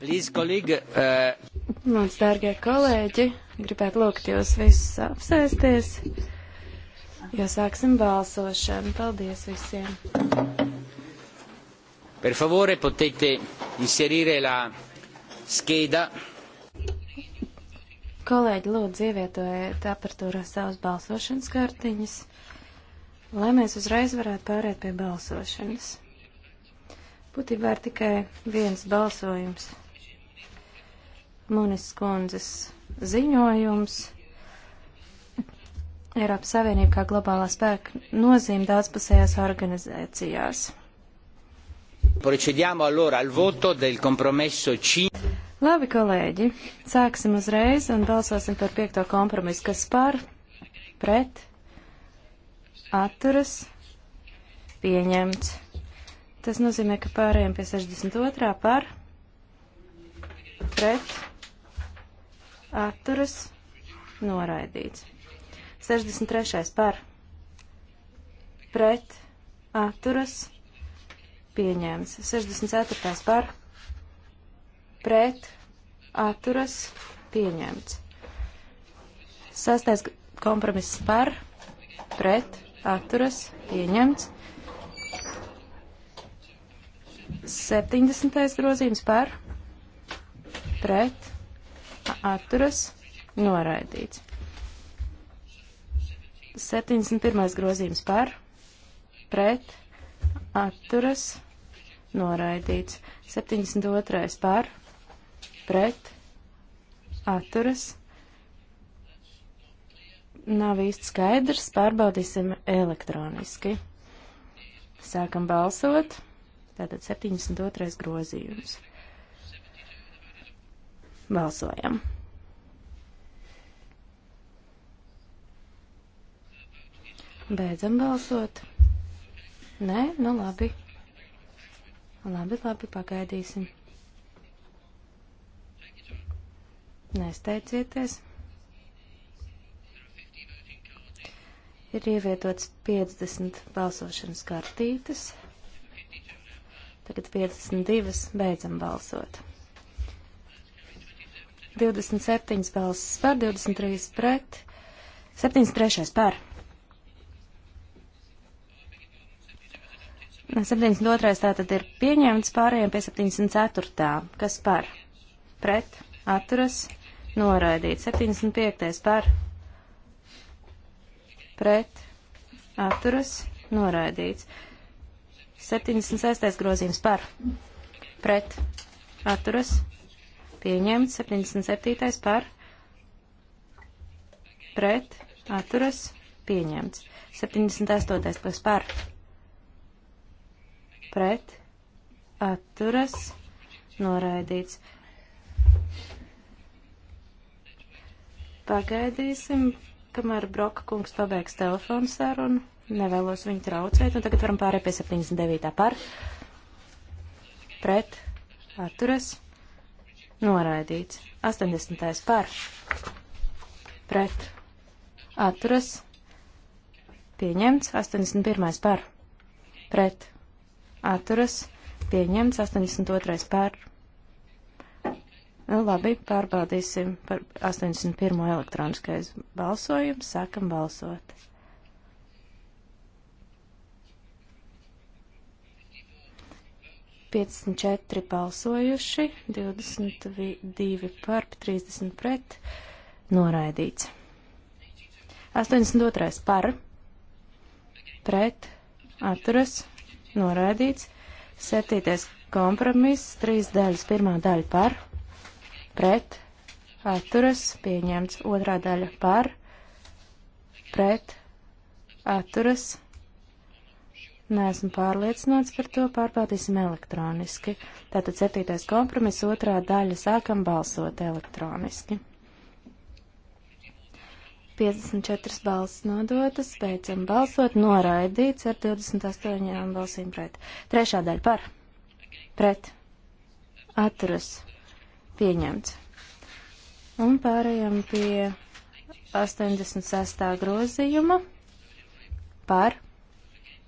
Please, kolēģi. Uh... Mans dārgie kolēģi, gribētu lūgt jūs visus apsēsties, jo sāksim balsošanu. Paldies visiem. Per favore, potete inserire la scheda. Kolēģi, lūdzu, ievietojiet apertūrā savas balsošanas kartiņas, lai mēs uzreiz varētu pāriet pie balsošanas. Būtībā ir tikai viens balsojums. Munis kundzes ziņojums. Eiropas Savienība kā globālā spēka nozīme daudzpusējās organizācijās. Procediamo allora al voto del compromesso 5. Labi, kolēģi, sāksim uzreiz un balsosim par piekto kompromisu, kas par, pret, atturas, pieņemts. Tas nozīmē, ka pārējiem pie 62. par, pret, atturas noraidīts. 63. par pret atturas pieņēmts. 64. par pret atturas pieņēmts. Sastais kompromiss par pret atturas pieņemts. 70. grozījums par pret atturas noraidīts. 71. grozījums par, pret, atturas, noraidīts. 72. par, pret, atturas, nav īsti skaidrs, pārbaudīsim elektroniski. Sākam balsot, tātad 72. grozījums. Balsojam. Beidzam balsot. Nē, nu labi. Labi, labi, pagaidīsim. Nesteidzieties. ir ievietots 50 balsošanas kartītes. Tagad 52 beidzam balsot. 27 balsis par, 23 pret, 73 par. 72. tātad ir pieņemts pārējiem pie 74. Kas par? Pret, atturas, noraidīt. 75. par? Pret, atturas, noraidīts. 76. grozījums par? Pret, atturas, noraidīts pieņemts, 77. par pret atturas pieņemts, 78. kas par pret atturas noraidīts. Pagaidīsim, kamēr Broka kungs pabeigs telefonu sarunu. Nevēlos viņu traucēt, un tagad varam pārēt pie 79. par pret atturas pieņemts noraidīts. 80. par pret atturas pieņemts. 81. par pret atturas pieņemts. 82. par nu, labi pārbaudīsim par 81. elektroniskais balsojums. Sākam balsot. 54 balsojuši, 22 par, 30 pret, noraidīts. 82 par, pret, atturas, noraidīts. 7. kompromiss, 3 daļas, 1 daļa par, pret, atturas, pieņemts. 2 daļa par, pret, atturas, Neesmu pārliecināts par to, pārbaudīsim elektroniski. Tātad septītais kompromiss otrā daļa sākam balsot elektroniski. 54 balsis nodotas, beidzam balsot, noraidīts ar 28 balsīm pret. Trešā daļa par, pret, atturas, pieņemts. Un pārējām pie 86. grozījuma par,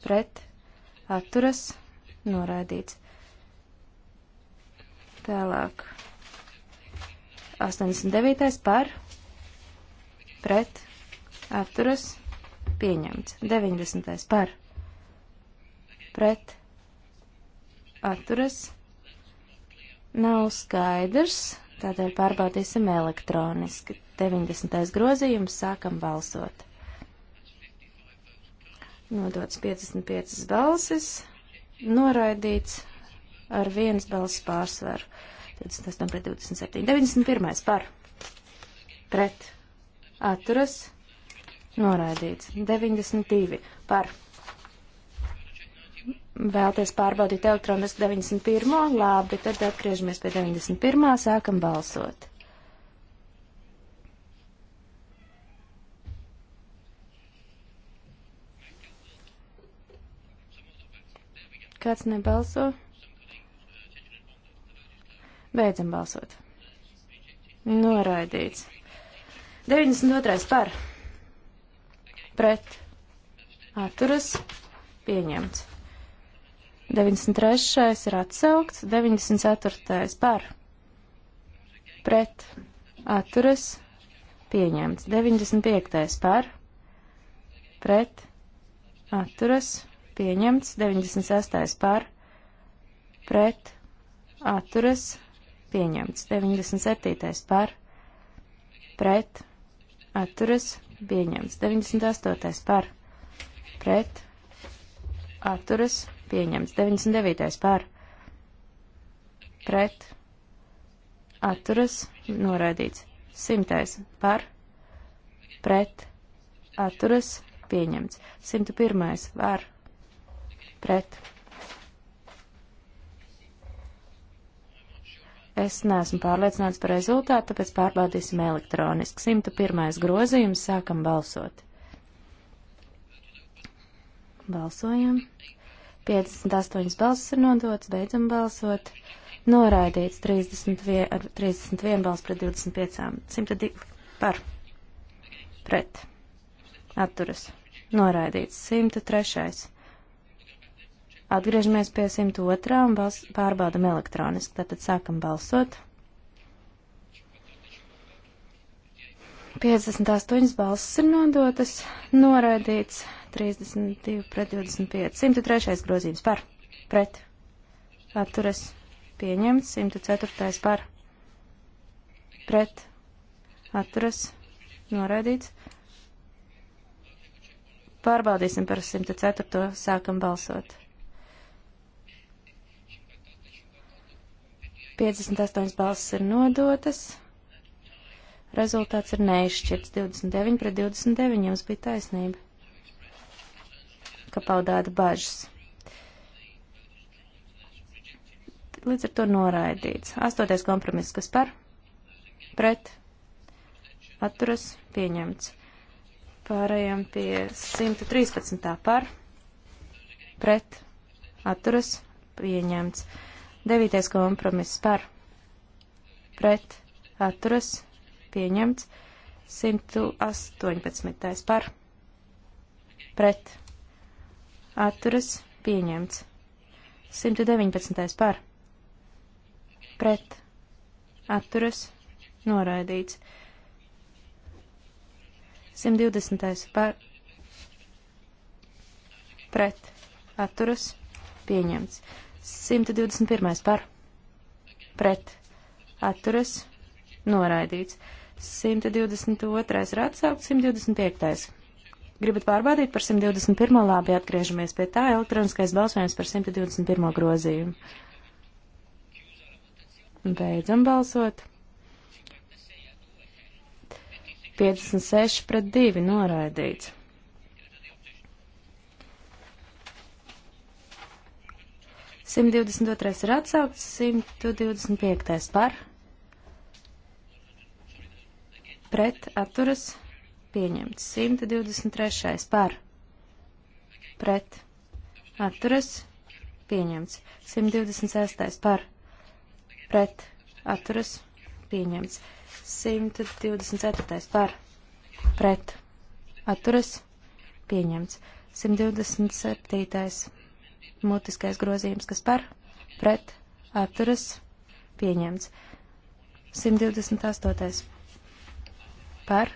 pret, atturas noraidīts. Tālāk. 89. par pret atturas pieņemts. 90. par pret atturas nav skaidrs, tādēļ pārbaudīsim elektroniski. 90. grozījums sākam balsot nodots 55 balsis, noraidīts ar vienas balss pārsvaru. 28 pret 27. 91. par. Pret. Atturas. Noraidīts. 92. Par. Vēlties pārbaudīt elektronisku 91. Labi, tad atgriežamies pie 91. Sākam balsot. Kāds nebalso? Beidzam balsot. Noraidīts. 92. par. Pret. Atturas. Pieņemts. 93. ir atsaukts. 94. par. Pret. Atturas. Pieņemts. 95. par. Pret. Atturas. Pieņemts pieņemts, 96. par, pret, atturas, pieņemts, 97. par, pret, atturas, pieņemts, 98. par, pret, atturas, pieņemts, 99. par, pret, atturas, noraidīts, 100. par, pret, atturas, pieņemts, 101. var, pret. Es neesmu pārliecināts par rezultātu, tāpēc pārbaudīsim elektroniski. 101. grozījums sākam balsot. Balsojam. 58 balsis ir nodots, beidzam balsot. Noraidīts 31, 31 balss pret 25. 102 par. Pret. Atturas. Noraidīts 103. Atgriežamies pie 102 un bals, pārbaudam elektroniski. Tātad sākam balsot. 58 balsis ir nodotas, noraidīts 32 pret 25. 103 grozījums par, pret, atturas, pieņemts, 104 par, pret, atturas, noraidīts. Pārbaudīsim par 104. sākam balsot. 58 balsis ir nodotas. Rezultāts ir neizšķirts 29 pret 29. Jums bija taisnība, ka paudāt bažas. Līdz ar to noraidīts. Astoties kompromiss, kas par, pret, atturas, pieņemts. Pārējām pie 113. par, pret, atturas, pieņemts. Devītais kompromiss par pret atturas pieņemts. 118. par pret atturas pieņemts. 119. par pret atturas noraidīts. 120. par pret atturas pieņemts. 121. par pret atturas noraidīts. 122. ir atsaukt, 125. Gribat pārbaudīt par 121. labi atgriežamies pie tā elektroniskais balsojums par 121. grozījumu. Beidzam balsot. 56 pret 2 noraidīts. 122. ir atsaukts, 125. par, pret atturas pieņemts, 123. par, pret atturas pieņemts, 126. par, pret atturas pieņemts, 124. par, pret atturas pieņemts, 127 mutiskais grozījums, kas par, pret, atturas, pieņemts. 128. par,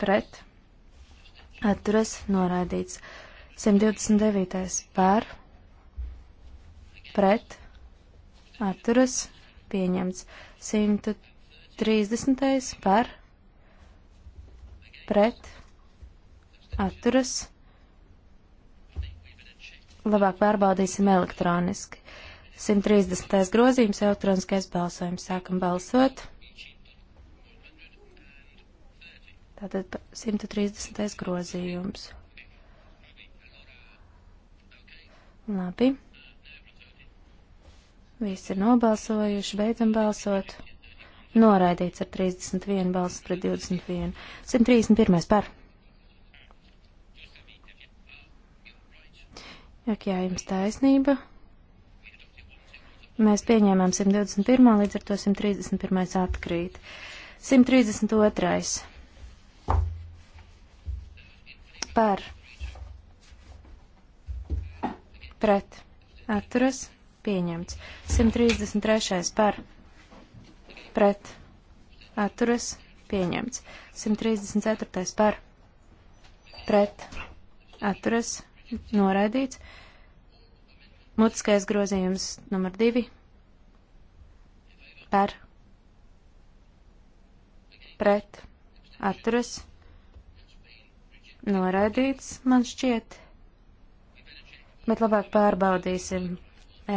pret, atturas, noraidīts. 129. par, pret, atturas, pieņemts. 130. par, pret, atturas, pieņemts labāk pārbaudīsim elektroniski. 130. grozījums, elektroniskais balsojums. Sākam balsot. Tātad 130. grozījums. Labi. Visi ir nobalsojuši, beidzam balsot. Noraidīts ar 31 balsis pret 21. 131. par. Jak jā, jums taisnība. Mēs pieņēmām 121. līdz ar to 131. atkrīt. 132. Par. Pret. Atturas. Pieņemts. 133. Par. Pret. Atturas. Pieņemts. 134. Par. Pret. Atturas. Pieņemts noraidīts. Mutiskais grozījums numur divi par pret atturas noraidīts, man šķiet, bet labāk pārbaudīsim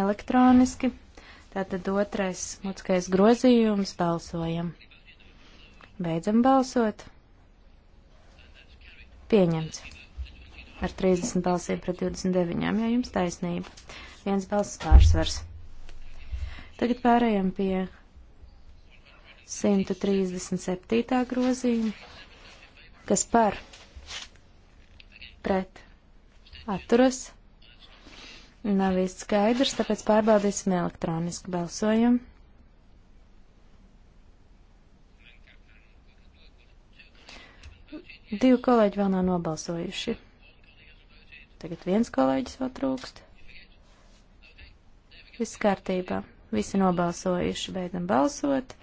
elektroniski. Tātad otrais mutiskais grozījums balsojam. Beidzam balsot. Pieņemts ar 30 balsīm pret 29, ja jums taisnība. Viens balss pārsvars. Tagad pārējām pie 137. grozījuma, kas par pret atturas nav īsti skaidrs, tāpēc pārbaudīsim elektronisku balsojumu. Divi kolēģi vēl nav nobalsojuši. Tagad viens kolēģis vēl trūkst. Viss kārtībā. Visi nobalsojuši. Beidzam balsot.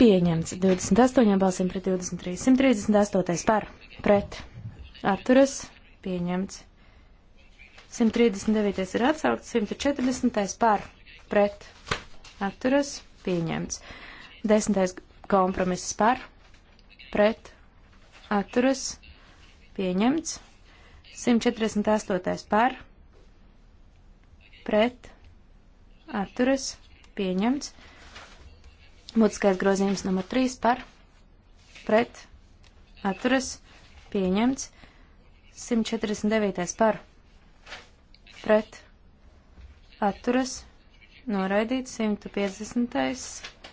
Pieņemts 28 balsīm pret 23. 138 par. Pret. Atturas. Pieņemts. 139 ir atsaukts. 140 par. Pret. Atturas. Pieņemts. 10. kompromiss par. Pret. Atturas. Pieņemts. 148. par, pret, atturas, pieņemts. Mutiskais grozījums numur 3 par, pret, atturas, pieņemts. 149. par, pret, atturas, noraidīts. 150.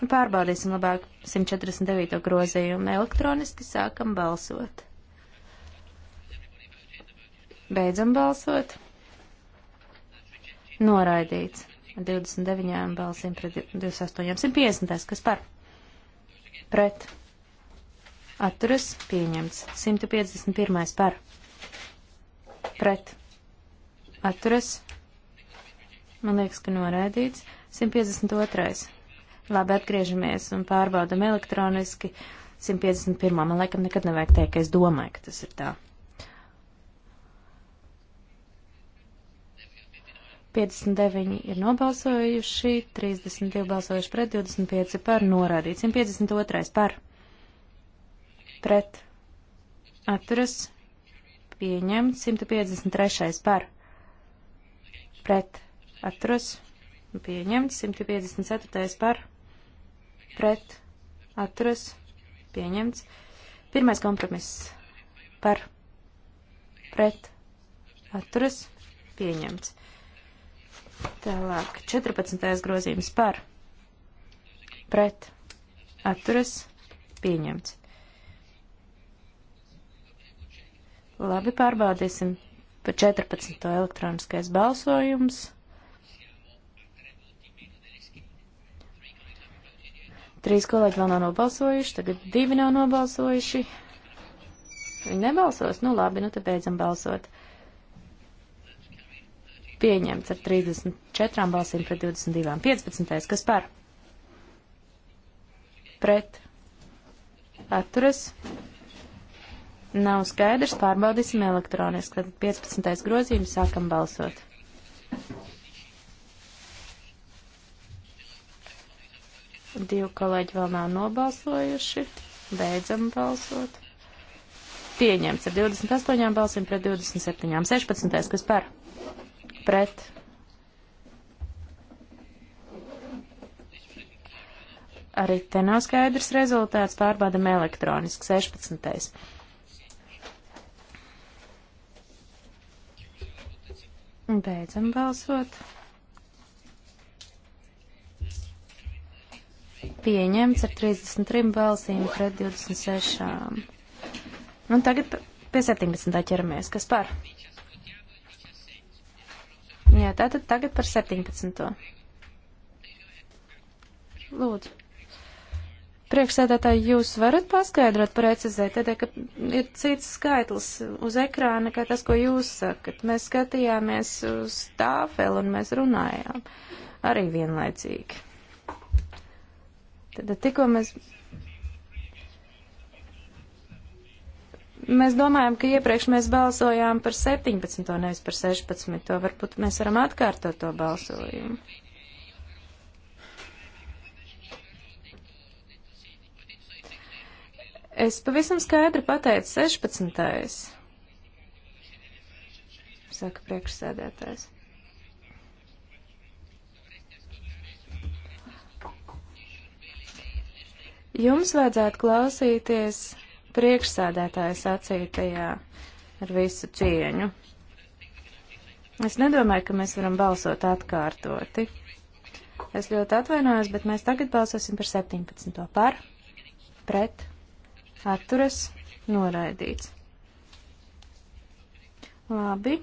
Nu, pārbaudīsim labāk 149. grozījumu. Elektroniski sākam balsot. Beidzam balsot. Noraidīts. 29 balsīm pret 28. 150. Kas par? Pret. Atturas pieņemts. 151. par. Pret. Atturas. Man liekas, ka noraidīts. 152. Labi, atgriežamies un pārbaudam elektroniski. 151. Man laikam nekad nevajag teikt, ka es domāju, ka tas ir tā. 59 ir nobalsojuši, 32 balsojuši pret, 25 par, norādīts. 152 par, pret, atturas, pieņemts. 153 par, pret, atturas, pieņemts. 154 par, pret, atturas, pieņemts. Pirmais kompromiss par, pret, atturas, pieņemts. Tālāk, 14. grozījums par, pret, atturas, pieņemts. Labi, pārbaudīsim par 14. elektroniskais balsojums. Trīs kolēģi vēl nav nobalsojuši, tagad divi nav nobalsojuši. Viņi nebalsos, nu labi, nu tad beidzam balsot. 14.2 pieņemts ar 34 balsīm pret 22. 15. kas par? Pret. Atturas. Nav skaidrs, pārbaudīsim elektroniski. Tad 15. grozījums sākam balsot. Divi kolēģi vēl nav nobalsojuši. Beidzam balsot. Pieņemts ar 28 balsīm pret 27. 16. kas par? pret. Arī te nav skaidrs rezultāts, pārbaudam elektroniski 16. Beidzam balsot. Pieņemts ar 33 balsīm pret 26. Un tagad pie 17. ķeramies. Kas par? Jā, tātad tagad par 17. Lūdzu. Priekšsēdētāji, jūs varat paskaidrot, precizēt, tādēļ, ka ir cits skaitlis uz ekrāna, kā tas, ko jūs sakat. Mēs skatījāmies uz tāfeli un mēs runājām arī vienlaicīgi. Tad tikko mēs Mēs domājam, ka iepriekš mēs balsojām par 17, nevis par 16. Varbūt mēs varam atkārtot to balsojumu. Es pavisam skaidri pateicu 16. Saka priekšsēdētājs. Jums vajadzētu klausīties priekšsēdētāja sacītajā ar visu cieņu. Es nedomāju, ka mēs varam balsot atkārtoti. Es ļoti atvainojos, bet mēs tagad balsosim par 17. par, pret, atturas, noraidīts. Labi,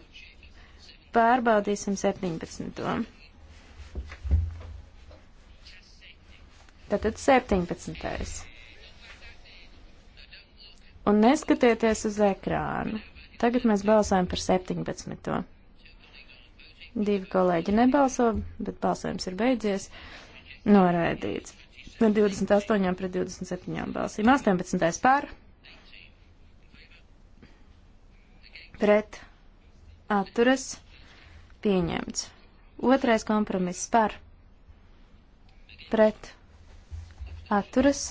pārbaudīsim 17. Tātad 17. Un neskatieties uz ekrānu. Tagad mēs balsojam par 17. Divi kolēģi nebalso, bet balsojums ir beidzies. Noraidīts. Ar 28 pret 27 balsīm. 18. pār. Pret. Atturas. Pieņemts. Otrais kompromiss par. Pret. Atturas.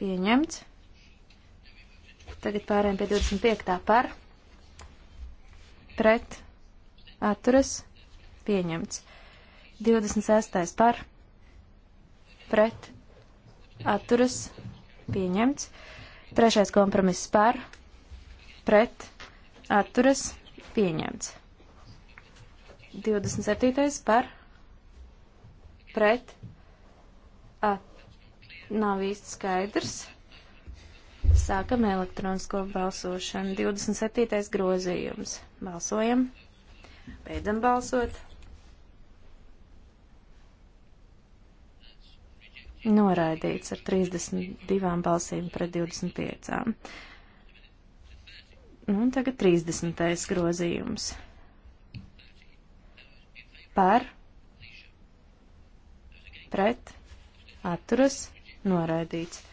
Pieņemts. Tagad pārējām pie 25. par, pret, atturas, pieņemts. 26. par, pret, atturas, pieņemts. Trešais kompromiss par, pret, atturas, pieņemts. 27. par, pret, at, nav īsti skaidrs. Sākam elektronisko balsošanu. 27. grozījums. Balsojam. Beidzam balsot. Noraidīts ar 32 balsīm pret 25. Nu, un tagad 30. grozījums. Par, pret, atturas, noraidīts.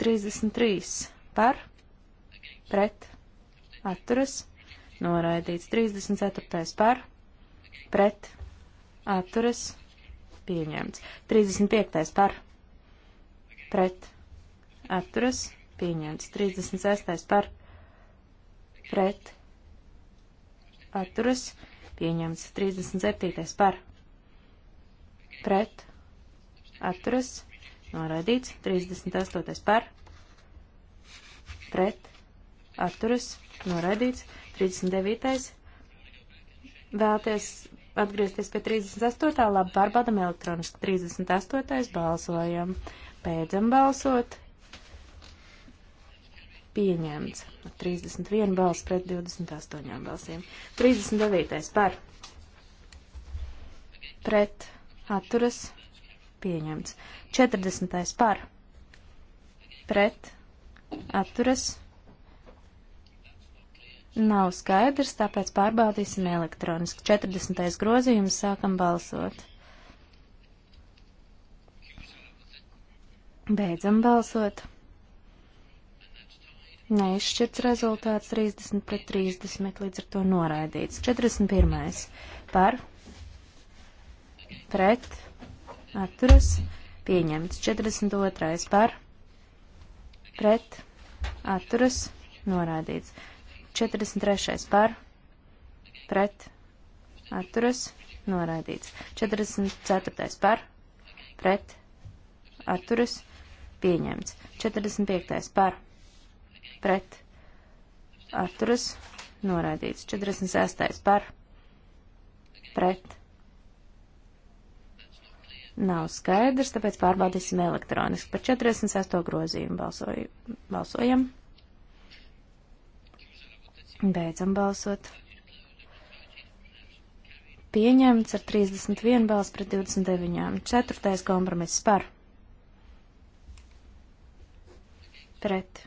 33 par, pret, atturas, noraidīts. 34 par, pret, atturas, pieņemts. 35 par, pret, atturas, pieņemts. 36 par, pret, atturas, pieņemts. 37 par, pret, atturas, pieņemts noraidīts, 38. par, pret, atturas, noraidīts, 39. Vēlties atgriezties pie 38. labi pārbaudam elektroniski, 38. balsojam, pēdzam balsot, pieņemts ar 31 balsu pret 28 balsīm. 39. par pret atturas pieņemts. 40. par pret atturas nav skaidrs, tāpēc pārbaudīsim elektroniski. 40. grozījums sākam balsot. Beidzam balsot. Neizšķirts rezultāts 30 pret 30, līdz ar to noraidīts. 41. par pret atturas pieņemts. 42. par pret atturas norādīts. 43. par pret atturas norādīts. 44. par pret atturas pieņemts. 45. par pret atturas norādīts. 46. par pret nav skaidrs, tāpēc pārbaudīsim elektroniski. Par 48. grozījumu balsoju, balsojam. Beidzam balsot. Pieņemts ar 31 balss pret 29. Ceturtais kompromiss par. Pret.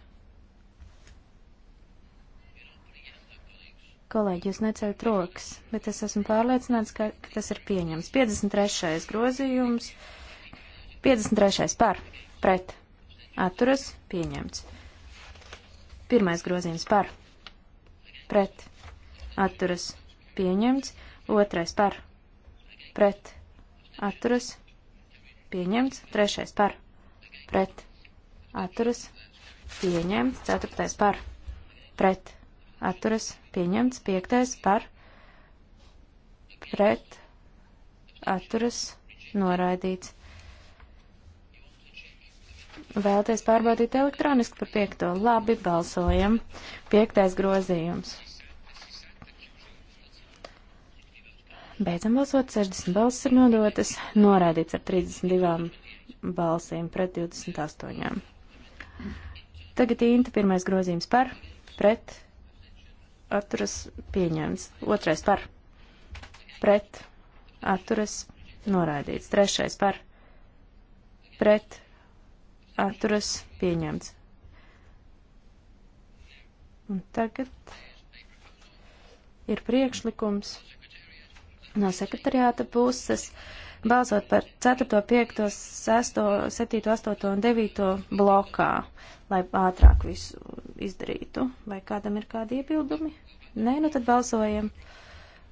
Kolēģi, jūs neceļat rokas, bet es esmu pārliecināts, ka, ka tas ir pieņems. 53. grozījums. 53. par, pret, atturas, pieņemts. Pirmais grozījums par, pret, atturas, pieņemts. Otrais par, pret, atturas, pieņemts. Trešais par, pret, atturas, pieņemts. Ceturtais par, pret, atturas atturas pieņemts, piektais par pret atturas noraidīts. Vēlties pārbaudīt elektroniski par piekto. Labi, balsojam. Piektais grozījums. Beidzam balsot, 60 balsis ir nodotas, noraidīts ar 32 balsīm pret 28. Tagad īnta pirmais grozījums par, pret, atturas pieņemts. Otrais par pret atturas noraidīts. Trešais par pret atturas pieņemts. Un tagad ir priekšlikums no sekretariāta puses. Uh, balsot par 4, 5, 6, 7, 8 un 9 blokā, lai ātrāk visu izdarītu. Vai kādam ir kādi iebildumi? Nē, nu tad balsojam.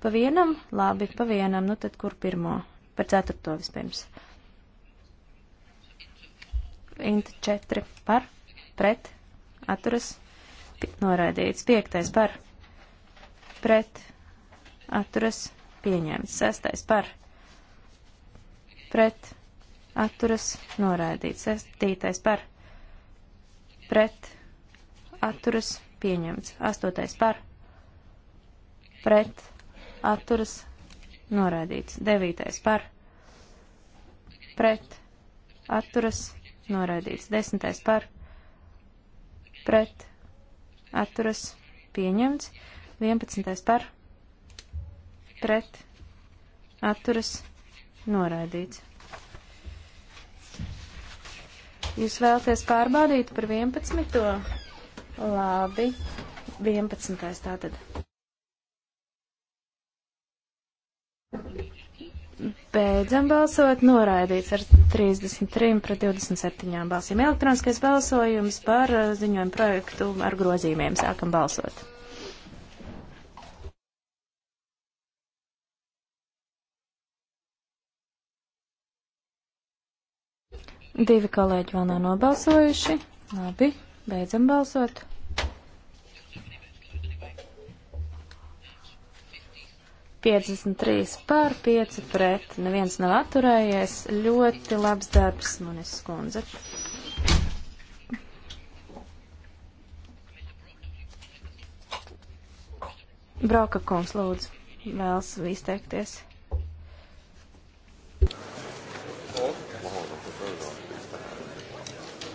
Pa vienam? Labi, pa vienam. Nu tad kur pirmo? Par 4 vispirms. Int 4 par, pret, atturas, noraidīts. 5 par, pret, atturas, pieņemts. 6 par pret atturas noraidīts. Septītais par pret atturas pieņemts. Astotais par pret atturas noraidīts. Devītais par pret atturas noraidīts. Desmitais par pret atturas pieņemts. Vienpadsmitais par pret atturas noraidīts Noraidīts. Jūs vēlaties pārbaudīt par 11. Labi, 11. tātad. Beidzam balsot, noraidīts ar 33 pret 27 balsīm. Elektroniskais balsojums par uh, ziņojumu projektu ar grozījumiem. Sākam balsot. Divi kolēģi vēl nav nobalsojuši. Labi, beidzam balsot. Piecdesmit trīs pār, pieci pret. Neviens nav atturējies. Ļoti labs darbs, manis skundze. Brauka kungs, lūdzu, vēlas izteikties.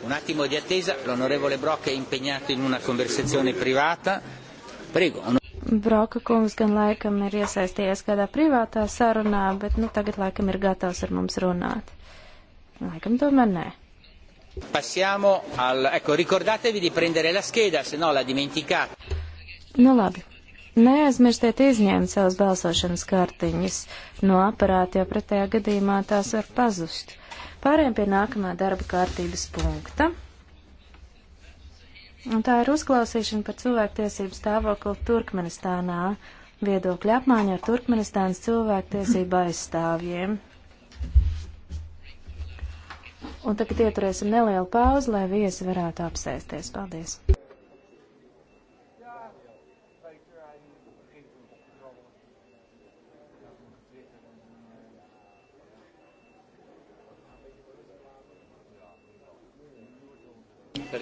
Un attimo di attesa, l'onorevole Brock è impegnato in una conversazione privata. Prego. Un... Broka kungs gan laikam ir iesaistījies kādā privātā sarunā, bet nu tagad laikam ir gatavs ar mums runāt. Laikam tomēr nē. Passiamo al... Ecco, ricordatevi di prendere la scheda, se no la dimenticate. Nu labi. Neaizmirstiet izņemt savas balsošanas kartiņas no aparāta, jo pretējā gadījumā tās var pazust. Pārējām pie nākamā darba kārtības punkta. Un tā ir uzklausīšana par cilvēktiesību stāvokli Turkmenistānā, viedokļa apmaiņa ar Turkmenistānas cilvēktiesību aizstāvjiem. Un tagad ieturēsim nelielu pauzi, lai viesi varētu apsēsties. Paldies!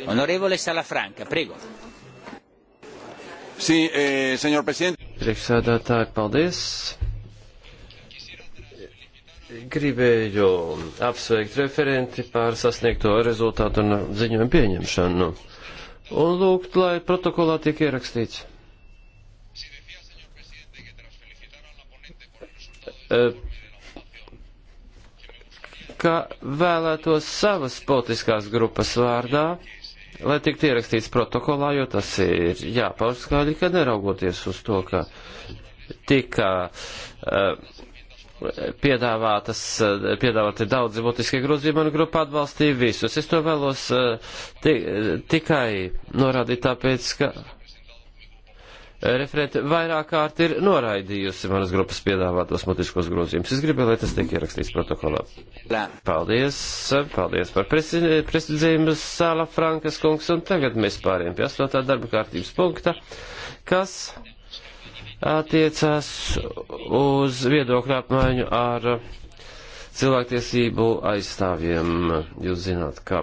Onorevole Salafranka, prego. Sí, eh, senor presidente. Priekšsēdētāji, paldies. Gribēju apsveikt referenti par sasniegto rezultātu un ziņojumu pieņemšanu. Un lūgt, lai protokolā tiek ierakstīts. Uh, ka vēlētos savas politiskās grupas vārdā, lai tiktu ierakstīts protokolā, jo tas ir jāpauž skaļi, ka neraugoties uz to, ka tika uh, piedāvātas, eh, piedāvāti daudzi būtiskie grozījumi, mana grupa atbalstīja visus. Es to vēlos uh, tikai norādīt tāpēc, ka referente vairāk kārt ir noraidījusi manas grupas piedāvātos mutiskos grozījumus. Es gribēju, lai tas tiek ierakstīts protokolā. Lā. Paldies, paldies par prestidzējumu Sāla Frankas kungs, un tagad mēs pāriem pie astotā darba kārtības punkta, kas attiecās uz viedokļu apmaiņu ar cilvēktiesību aizstāvjiem. Jūs zināt, ka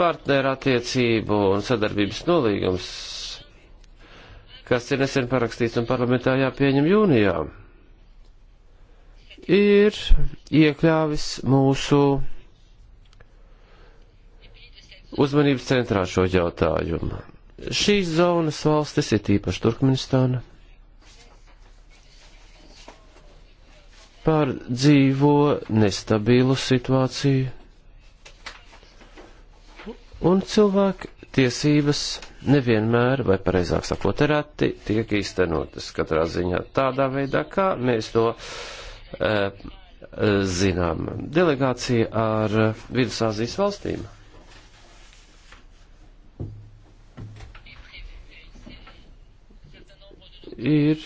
partneru attiecību un sadarbības nolīgums, kas ir nesen parakstīts un parlamentā jāpieņem jūnijā, ir iekļāvis mūsu uzmanības centrā šo jautājumu. Šīs zonas valstis ir tīpaši Turkmenistāna. Pārdzīvo nestabilu situāciju. Un cilvēku tiesības nevienmēr, vai pareizāk sakot, reti tiek īstenotas katrā ziņā tādā veidā, kā mēs to e, zinām. Delegācija ar Vidusāzijas valstīm. Ir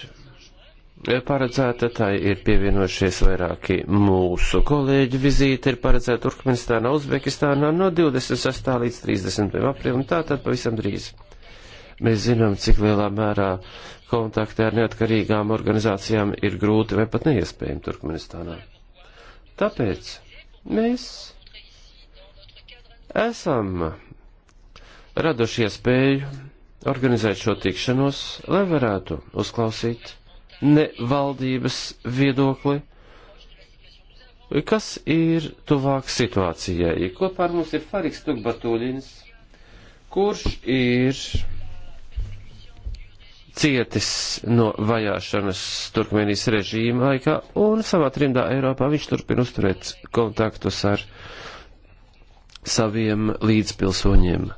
paredzēta, tai ir pievienojušies vairāki mūsu kolēģi. Vizīte ir paredzēta Turkmenistānā, Uzbekistānā no 26. līdz 30. aprīlim, tātad pavisam drīz. Mēs zinām, cik lielā mērā kontakti ar neatkarīgām organizācijām ir grūti vai pat neiespējami Turkmenistānā. Tāpēc mēs esam raduši iespēju organizēt šo tikšanos, lai varētu uzklausīt ne valdības viedokli, kas ir tuvāk situācijai. Kopā ar mums ir Fariks Tukbatuļins, kurš ir cietis no vajāšanas Turkmenijas režīma laikā, un savā trimdā Eiropā viņš turpina uzturēt kontaktus ar saviem līdzpilsoņiem.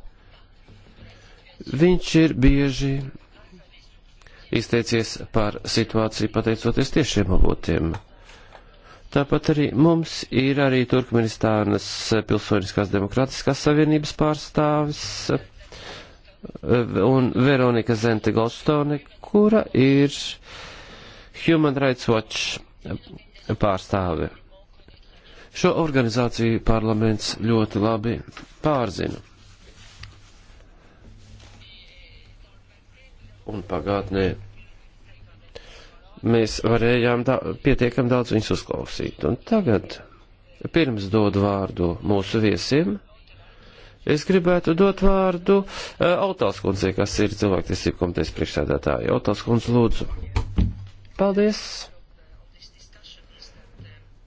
Viņš ir bieži izteicies par situāciju pateicoties tiešiem avotiem. Tāpat arī mums ir arī Turkmenistānas Pilsoniskās demokrātiskās savienības pārstāvis eh, un Veronika Zente Goldstone, kura ir Human Rights Watch pārstāve. Šo organizāciju parlaments ļoti labi pārzina. un pagātnē mēs varējām da pietiekam daudz viņus uzklausīt. Un tagad, pirms dodu vārdu mūsu viesiem, es gribētu dot vārdu uh, eh, Autals kundzei, kas ir cilvēktiesību komitejas priekšsēdētāja. Autals kundze, lūdzu. Paldies!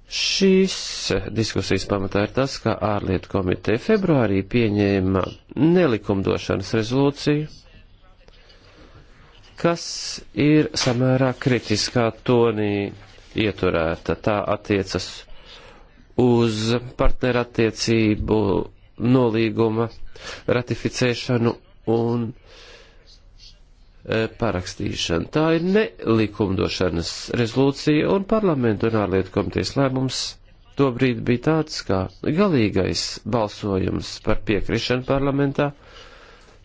Šīs diskusijas pamatā ir tas, ka ārlietu komiteja februārī pieņēma nelikumdošanas rezolūciju kas ir samērā kritiskā tonī ieturēta. Tā attiecas uz partnerattiecību nolīguma ratificēšanu un e, parakstīšana. Tā ir nelikumdošanas rezolūcija, un parlamentu un ārlietu komitejas lēmums tobrīd bija tāds, kā galīgais balsojums par piekrišanu parlamentā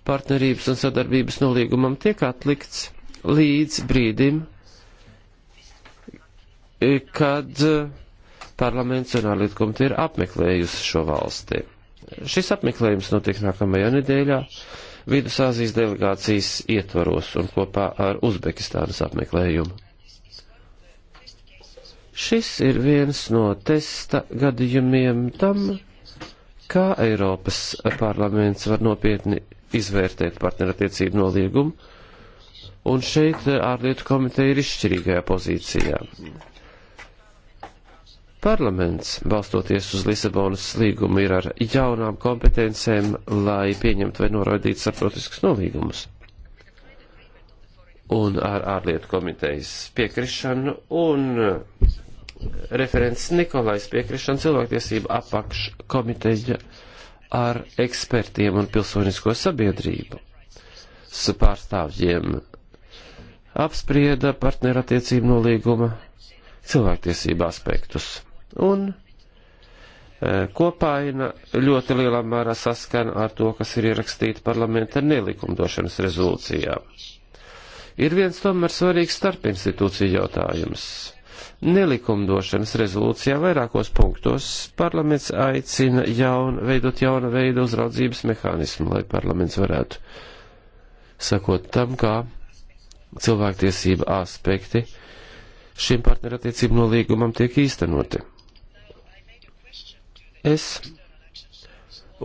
partnerības un sadarbības nolīgumam tiek atlikts līdz brīdim, e, kad e, parlaments un ārlietu komiteja ir apmeklējusi šo valsti. Šis apmeklējums notiek nākamajā nedēļā Vidusāzijas delegācijas ietvaros un kopā ar Uzbekistānas apmeklējumu. Šis ir viens no testa gadījumiem tam, kā Eiropas parlaments var nopietni izvērtēt partnerattiecību noliegumu, un šeit eh, ārlietu komiteja ir izšķirīgajā pozīcijā. Parlaments, balstoties uz Lisabonas līgumu, ir ar jaunām kompetencēm, lai pieņemtu vai noraidītu starptautiskus nolīgumus. Un ar ārlietu komitejas piekrišanu un eh, referents Nikolais piekrišanu cilvēktiesību apakškomiteja komiteja ar ekspertiem un pilsonisko sabiedrību su pārstāvjiem apsprieda partnerattiecību nolīguma cilvēktiesību aspektus. Un e, kopaina ļoti lielā mērā saskana ar to, kas ir ierakstīta parlamenta nelikumdošanas rezolūcijā. Ir viens tomēr svarīgs starpinstitūcija jautājums nelikumdošanas rezolūcijā vairākos punktos parlaments aicina jaun, veidot jaunu veidu uzraudzības mehānismu, lai parlaments varētu sakot tam, kā cilvēktiesība aspekti šim partnerattiecību nolīgumam tiek īstenoti. Es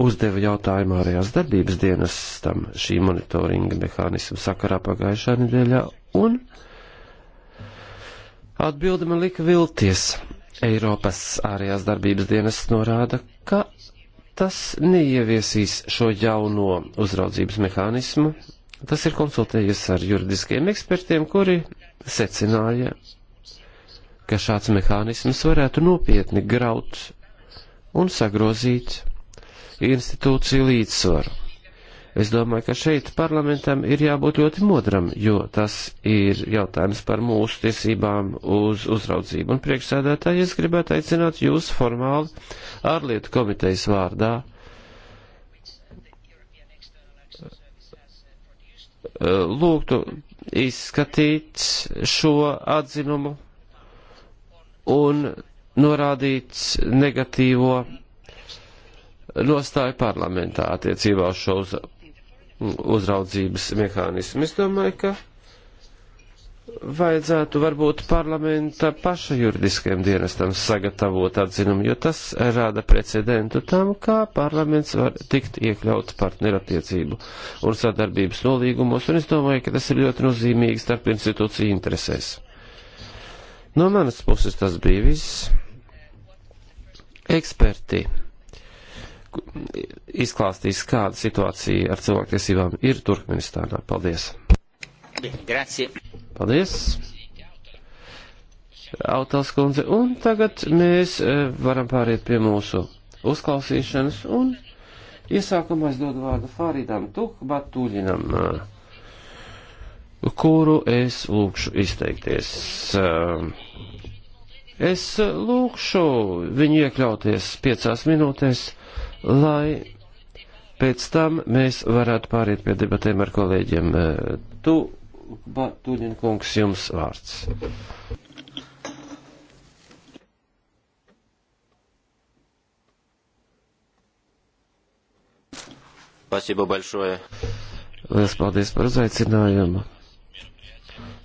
uzdeva jautājumu ārējās darbības dienestam šī monitoringa mehānismu sakarā pagājušā nedēļā, un Atbildi man lika vilties. Eiropas ārējās darbības dienas norāda, ka tas neieviesīs šo jauno uzraudzības mehānismu. Tas ir konsultējies ar juridiskiem ekspertiem, kuri secināja, ka šāds mehānisms varētu nopietni graut un sagrozīt institūciju līdzsvaru. Es domāju, ka šeit parlamentam ir jābūt ļoti modram, jo tas ir jautājums par mūsu tiesībām uz uzraudzību. Un priekšsēdētāji, es gribētu aicināt jūs formāli ārlietu komitejas vārdā lūgtu izskatīt šo atzinumu un norādīt negatīvo nostāju parlamentā attiecībā uz šo uzraudzību uzraudzības mehānismu. Es domāju, ka vajadzētu varbūt parlamenta paša juridiskajam dienestam sagatavot atzinumu, jo tas rāda precedentu tam, kā parlaments var tikt iekļauts partnerattiecību un sadarbības nolīgumos, un es domāju, ka tas ir ļoti nozīmīgi starp institūciju interesēs. No manas puses tas bija viss. Eksperti izklāstīs, kāda situācija ar cilvēktiesībām ir Turkmenistānā. Paldies! Grazie. Paldies! Autors kundze, un tagad mēs eh, varam pāriet pie mūsu uzklausīšanas, un iesākumā es dodu vārdu Fāridam Tuhbatuļinam, eh, kuru es lūkšu izteikties. Eh, es lūkšu viņu iekļauties piecās minūtēs lai pēc tam mēs varētu pāriet pie debatēm ar kolēģiem. Tu, Batuņin kungs, jums vārds. Спасибо большое. Lielas paldies par uzaicinājumu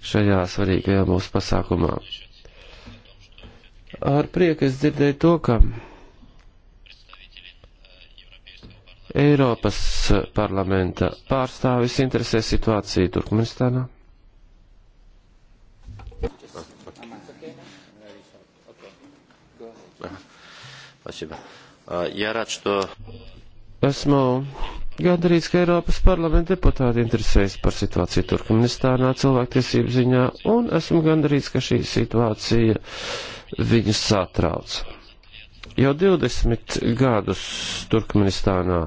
šajā svarīgajā mūsu pasākumā. Ar prieku es dzirdēju to, ka Eiropas parlamenta pārstāvis interesē situāciju Turkmenistānā. Esmu Gandrīz, ka Eiropas parlamenta deputāti interesējas par situāciju Turkmenistānā cilvēktiesību ziņā, un esmu gandrīz, ka šī situācija viņus satrauc. Jau 20 gadus Turkmenistānā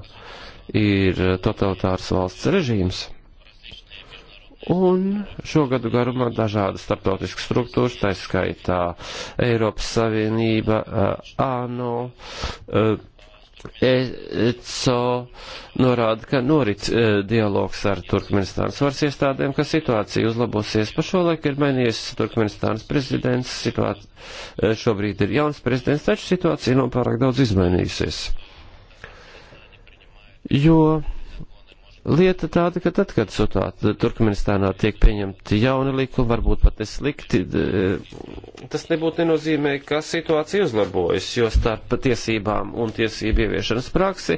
ir totalitārs valsts režīms. Un šogadu garumā dažādas starptautiskas struktūras, tā skaitā Eiropas Savienība, eh, ANO, eh, ECO norāda, ka norit e, dialogs ar Turkmenistānas varas iestādēm, ka situācija uzlabosies. Pa šo laiku ir mainījies Turkmenistānas prezidents, situācija, e, šobrīd ir jauns prezidents, taču situācija nav pārāk daudz izmainījusies jo lieta tāda, ka tad, kad situācija Turkmenistānā tiek pieņemti jauni likumi, varbūt pat neslikti, e, tas nebūtu nenozīmē, ka situācija uzlabojas, jo starp tiesībām un tiesību ieviešanas praksi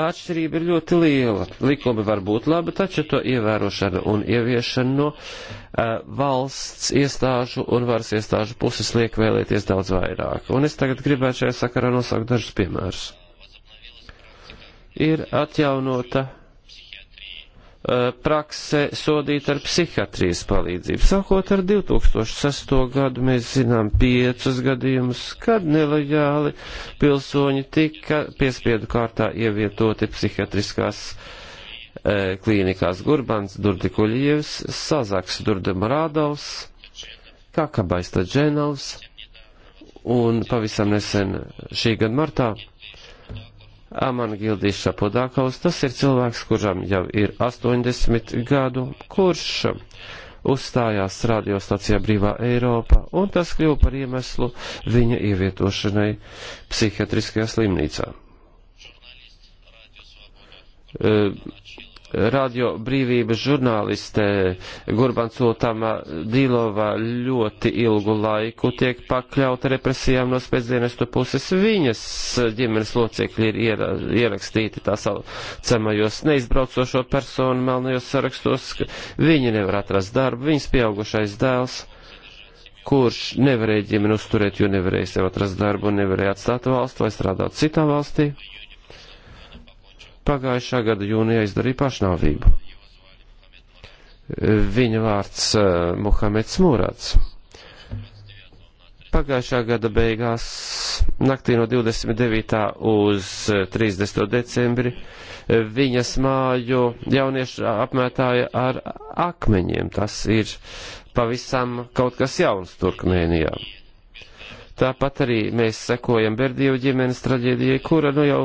atšķirība ir ļoti liela. Likumi var būt labi, taču to ievērošana un ieviešana no e, valsts iestāžu un varas iestāžu puses liek vēlēties daudz vairāk. Un es tagad gribētu šajā sakarā nosaukt dažus piemērus ir atjaunota eh, praksē sodīt ar psihiatrijas palīdzību. Sākot ar 2006. gadu mēs zinām piecus gadījumus, kad nelojāli pilsoņi tika piespiedu kārtā ievietoti psihiatriskās e, klīnikās Gurbans, Durdikuļievs, Sazaks, Durdemarādovs, Kakabais Tadženovs un pavisam nesen šī gada martā Aman Gildīs Šapodākaus, tas ir cilvēks, kuram jau ir 80 gadu, kurš uzstājās radiostacijā Brīvā Eiropa, un tas kļuva par iemeslu viņa ievietošanai psihiatriskajā slimnīcā. Uh, radio brīvības žurnāliste Gurbansultama Dīlova ļoti ilgu laiku tiek pakļauta represijām no spēcdienestu puses. Viņas ģimenes locekļi ir ierakstīti tā saucamajos neizbraucošo personu melnajos sarakstos. Viņi nevar atrast darbu, viņas pieaugušais dēls kurš nevarēja ģimeni uzturēt, jo nevarēja sev atrast darbu, nevarēja atstāt valstu vai strādāt citā valstī pagājušā gada jūnijā izdarīja pašnāvību. Viņa vārds uh, Muhameds Mūrāts. Pagājušā gada beigās, naktī no 29. uz 30. Eh, decembri, eh, viņas māju jaunieši apmētāja ar akmeņiem. Tas ir pavisam kaut kas jauns Turkmēnijā. Tāpat arī mēs sekojam Berdievu ģimenes traģēdijai, kura nu jau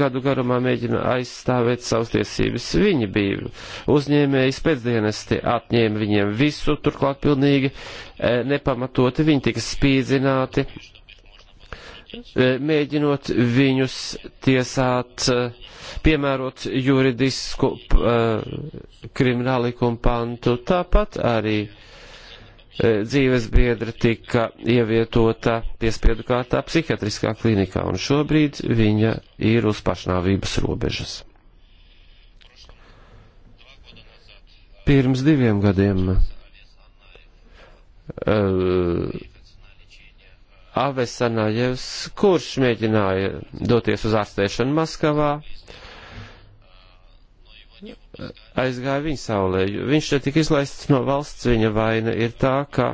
gadu garumā mēģina aizstāvēt savas tiesības. Viņi bija uzņēmējas pēcdienesti, atņēma viņiem visu, turklāt pilnīgi e, nepamatoti, viņi tika spīdzināti, e, mēģinot viņus tiesāt, e, piemērot juridisku kriminālikumu pantu. Tāpat arī E, dzīves biedra tika ievietota piespiedu kārtā psihiatriskā klinikā, un šobrīd viņa ir uz pašnāvības robežas. Pirms diviem gadiem uh, e, Aves Anājevs, kurš mēģināja doties uz ārstēšanu Maskavā, uh, Eh, aizgāja viņa saulē. Viņš te tika izlaists no valsts, viņa vaina ir tā, ka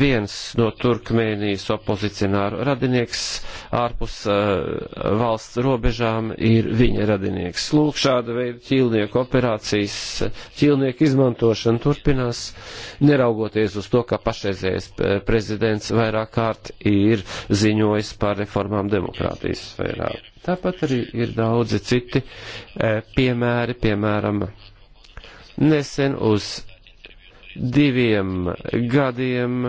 viens no Turkmēnijas opozicionāru radinieks ārpus uh, valsts robežām ir viņa radinieks. Lūk, šāda veida ķīlnieku operācijas, ķīlnieku izmantošana turpinās, neraugoties uz to, ka pašreizējais eh, prezidents vairāk kārt ir ziņojis par reformām demokrātijas sfērā. Tāpat arī ir daudzi citi uh, piemēri, piemēram, nesen uz diviem gadiem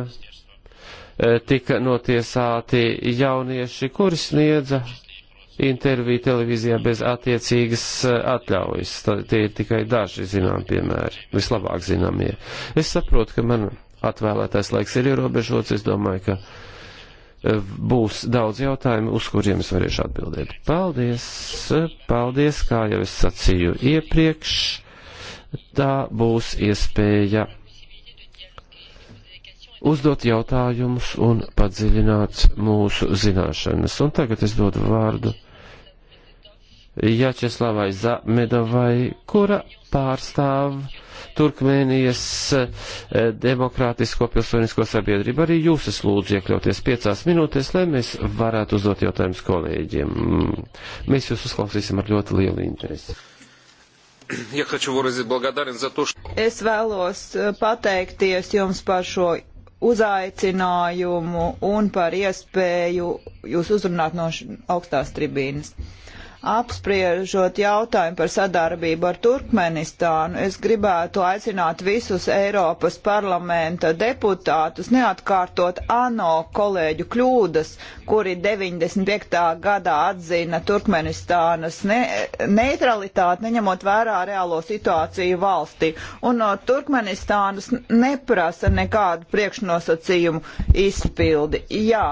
e, tika notiesāti jaunieši, kuri sniedza interviju televīzijā bez attiecīgas e, atļaujas. Tie ir tikai daži zinām piemēri, vislabāk zināmie. Es saprotu, ka man atvēlētais laiks ir ierobežots. Es domāju, ka e, būs daudz jautājumu, uz kuriem es varēšu atbildēt. Paldies! Paldies, kā jau es sacīju iepriekš. Tā būs iespēja uzdot jautājumus un padziļināt mūsu zināšanas. Un tagad es dodu vārdu Jačeslavai Zamedovai, kura pārstāv Turkmēnijas eh, demokrātisko pilsonisko sabiedrību. Arī jūs es lūdzu iekļauties piecās minūtēs, lai mēs varētu uzdot jautājumus kolēģiem. Mēs jūs uzklausīsim ar ļoti lielu interesi. Es vēlos eh, pateikties jums par šo uzaicinājumu un par iespēju jūs uzrunāt no augstās tribīnas. Uh, apspriežot jautājumu par sadarbību ar Turkmenistānu, es gribētu aicināt visus Eiropas parlamenta deputātus neatkārtot ANO kolēģu kļūdas, kuri 95. gadā atzina Turkmenistānas ne neutralitāti, neņemot vērā reālo situāciju valstī. Un no uh, Turkmenistānas neprasa nekādu priekšnosacījumu izpildi. Jā,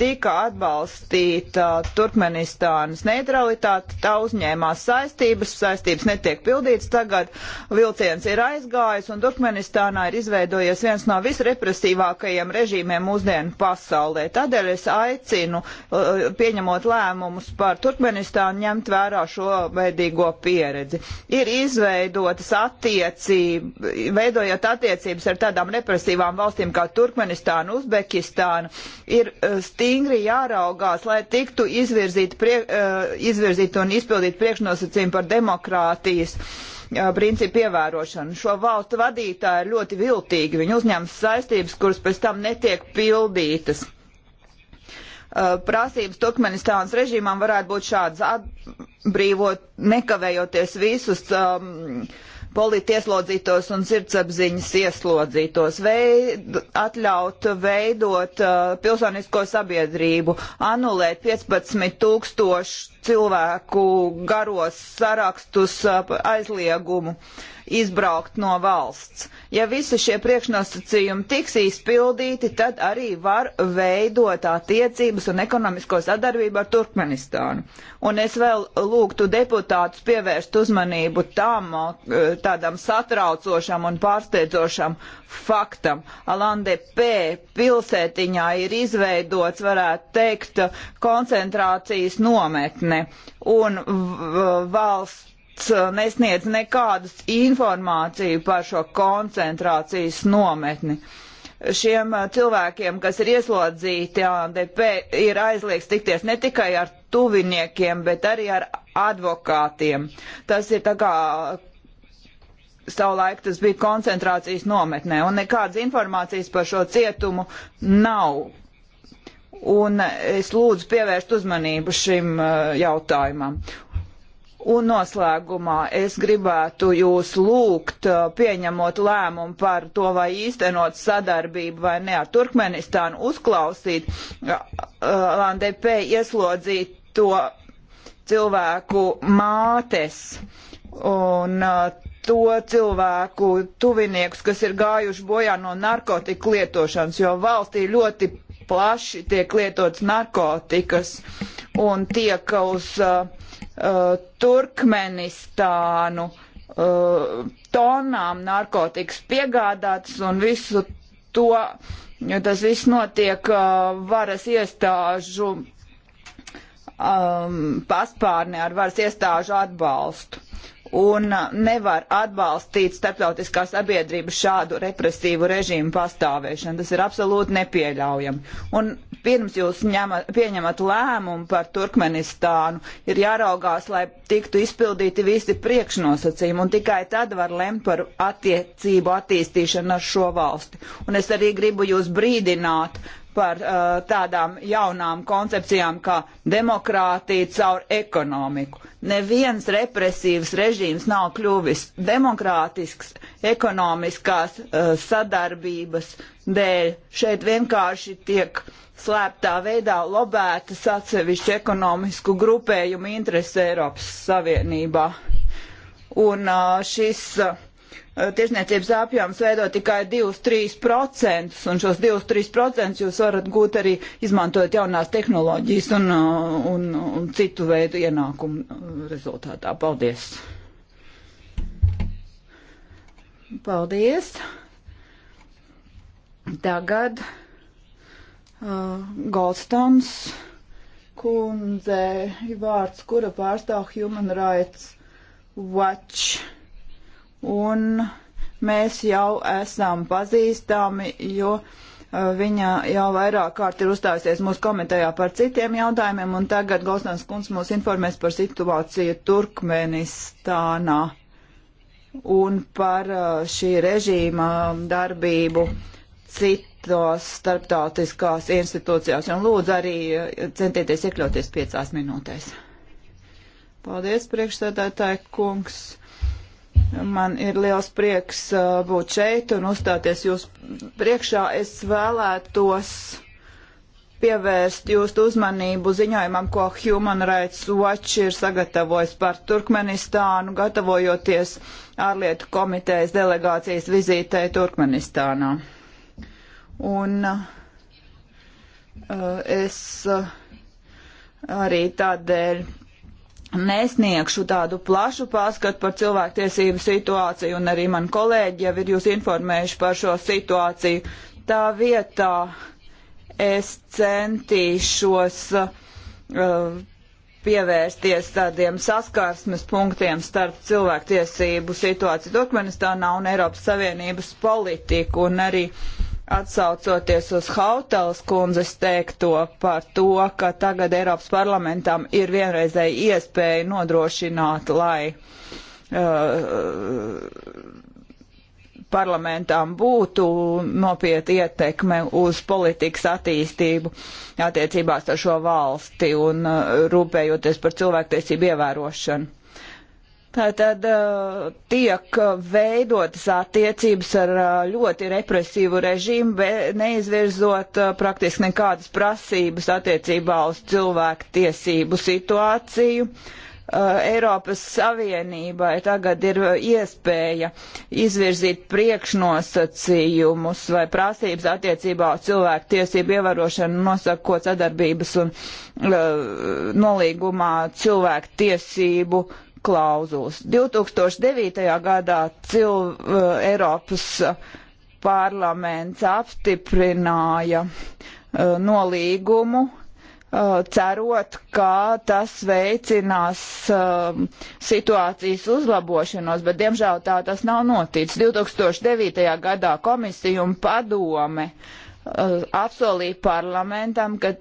tika atbalstīta Turkmenistānas neutralitāte, tā uzņēmās saistības, saistības netiek pildītas, tagad vilciens ir aizgājis un Turkmenistānā ir izveidojies viens no visrepresīvākajiem režīmiem mūsdienu pasaulē. Tādēļ es aicinu, eh, pieņemot lēmumus par Turkmenistānu, ņemt vērā šo veidīgo pieredzi. Ir izveidotas attiecības, veidojot attiecības ar tādām represīvām valstīm kā Turkmenistāna, Uzbekistāna, ir eh, stīvas stingri jāraugās, lai tiktu izvirzīti prie, eh, izvirzīt un izpildīt priekšnosacījumi par demokrātijas eh, principu ievērošanu. Šo valstu vadītāji ir ļoti viltīgi, viņi uzņemas saistības, kuras pēc tam netiek pildītas. Eh, prasības Turkmenistānas režīmām varētu būt šādas atbrīvot nekavējoties visus um, politieslodzītos un sirdsapziņas ieslodzītos, veid, atļaut veidot uh, pilsonisko sabiedrību, anulēt 15 tūkstošu cilvēku garos sarakstus uh, aizliegumu. Uh, izbraukt no valsts. Ja visi šie priekšnosacījumi tiks izpildīti, tad arī var veidot attiecības un ekonomisko sadarbību ar Turkmenistānu. Un es vēl lūgtu deputātus pievērst uzmanību tam eh, tādam satraucošam un pārsteidzošam faktam. Alande P. pilsētiņā ir izveidots, varētu teikt, koncentrācijas nometne un valsts valsts nesniedz nekādus informāciju par šo koncentrācijas nometni. Šiem cilvēkiem, kas ir ieslodzīti ANDP, ir aizliegts tikties ne tikai ar tuviniekiem, bet arī ar advokātiem. Tas ir tā kā savulaik tas bija koncentrācijas nometnē, un nekādas informācijas par šo cietumu nav un es lūdzu pievērst uzmanību šim uh, jautājumam. Un noslēgumā es gribētu jūs lūgt, uh, pieņemot lēmumu par to, vai īstenot sadarbību vai ne ar Turkmenistānu, uzklausīt uh, uh, LNDP ieslodzīt to cilvēku mātes un to cilvēku tuviniekus, kas ir gājuši bojā no narkotiku lietošanas, jo valstī ļoti plaši tiek lietots narkotikas un tiek uz uh, Uh, Turkmenistānu uh, tonām narkotikas piegādātas un visu to, jo tas viss notiek uh, varas iestāžu um, paspārni ar varas iestāžu atbalstu un nevar atbalstīt starptautiskā sabiedrība šādu represīvu režīmu pastāvēšanu. Tas ir absolūti nepieļaujami. Un pirms jūs ņemat, pieņemat lēmumu par Turkmenistānu, ir jāraugās, lai tiktu izpildīti visi priekšnosacījumi, un tikai tad var lemt par attiecību attīstīšanu ar šo valsti. Un es arī gribu jūs brīdināt, par uh, tādām jaunām koncepcijām kā demokrātija caur ekonomiku neviens represīvs režīms nav kļuvis demokrātisks ekonomiskās uh, sadarbības dēļ. Šeit vienkārši tiek slēptā veidā lobētas atsevišķu ekonomisku grupējumu intereses Eiropas Savienībā. Un uh, šis uh, Eh, tiešniecības apjoms veido tikai 2-3%, un šos 2-3% jūs varat gūt arī izmantojot jaunās tehnoloģijas un, eh, un, un citu veidu ienākumu eh, rezultātā. Paldies! Paldies! Tagad uh, Goldstons kundze vārds, kura pārstāv Human Rights Watch un mēs jau esam pazīstami, jo uh, viņa jau vairāk kārt ir uzstājusies mūsu komitejā par citiem jautājumiem, un tagad Golsnās kungs mūs informēs par situāciju Turkmenistānā un par uh, šī režīma darbību citos starptautiskās institūcijās, un lūdzu arī uh, centieties iekļauties piecās minūtēs. Paldies, priekšsēdētāji kungs. Man ir liels prieks uh, būt šeit un uzstāties jūs priekšā. Es vēlētos pievērst jūsu uzmanību ziņojumam, ko Human Rights Watch ir sagatavojis par Turkmenistānu, gatavojoties ārlietu komitejas delegācijas vizītē Turkmenistānā. Un uh, es uh, arī tādēļ nesniegšu tādu plašu pārskatu par cilvēktiesību situāciju, un arī mani kolēģi jau ir jūs informējuši par šo situāciju. Tā vietā es centīšos uh, pievērsties tādiem saskarsmes punktiem starp cilvēktiesību situāciju Turkmenistānā un Eiropas Savienības politiku un arī uh, atsaucoties uz Hautels kundzes teikto par to, ka tagad Eiropas parlamentam ir vienreizēji iespēja nodrošināt, lai uh, parlamentām būtu nopietna ietekme uz politikas attīstību attiecībās ar šo valsti un uh, rūpējoties par cilvēktiesību ievērošanu. Tātad tiek veidotas attiecības ar ļoti represīvu režīmu, neizvirzot praktiski nekādas prasības attiecībā uz cilvēku tiesību situāciju. Eiropas Savienībai tagad ir iespēja izvirzīt priekšnosacījumus vai prasības attiecībā uz cilvēku tiesību ievērošanu, nosakot sadarbības un nolīgumā cilvēku tiesību klauzulas. 2009. gadā Cil uh, Eiropas parlaments apstiprināja uh, nolīgumu, uh, cerot, ka tas veicinās uh, situācijas uzlabošanos, bet diemžēl tā tas nav noticis. 2009. gadā komisija un padome uh, apsolīja parlamentam, ka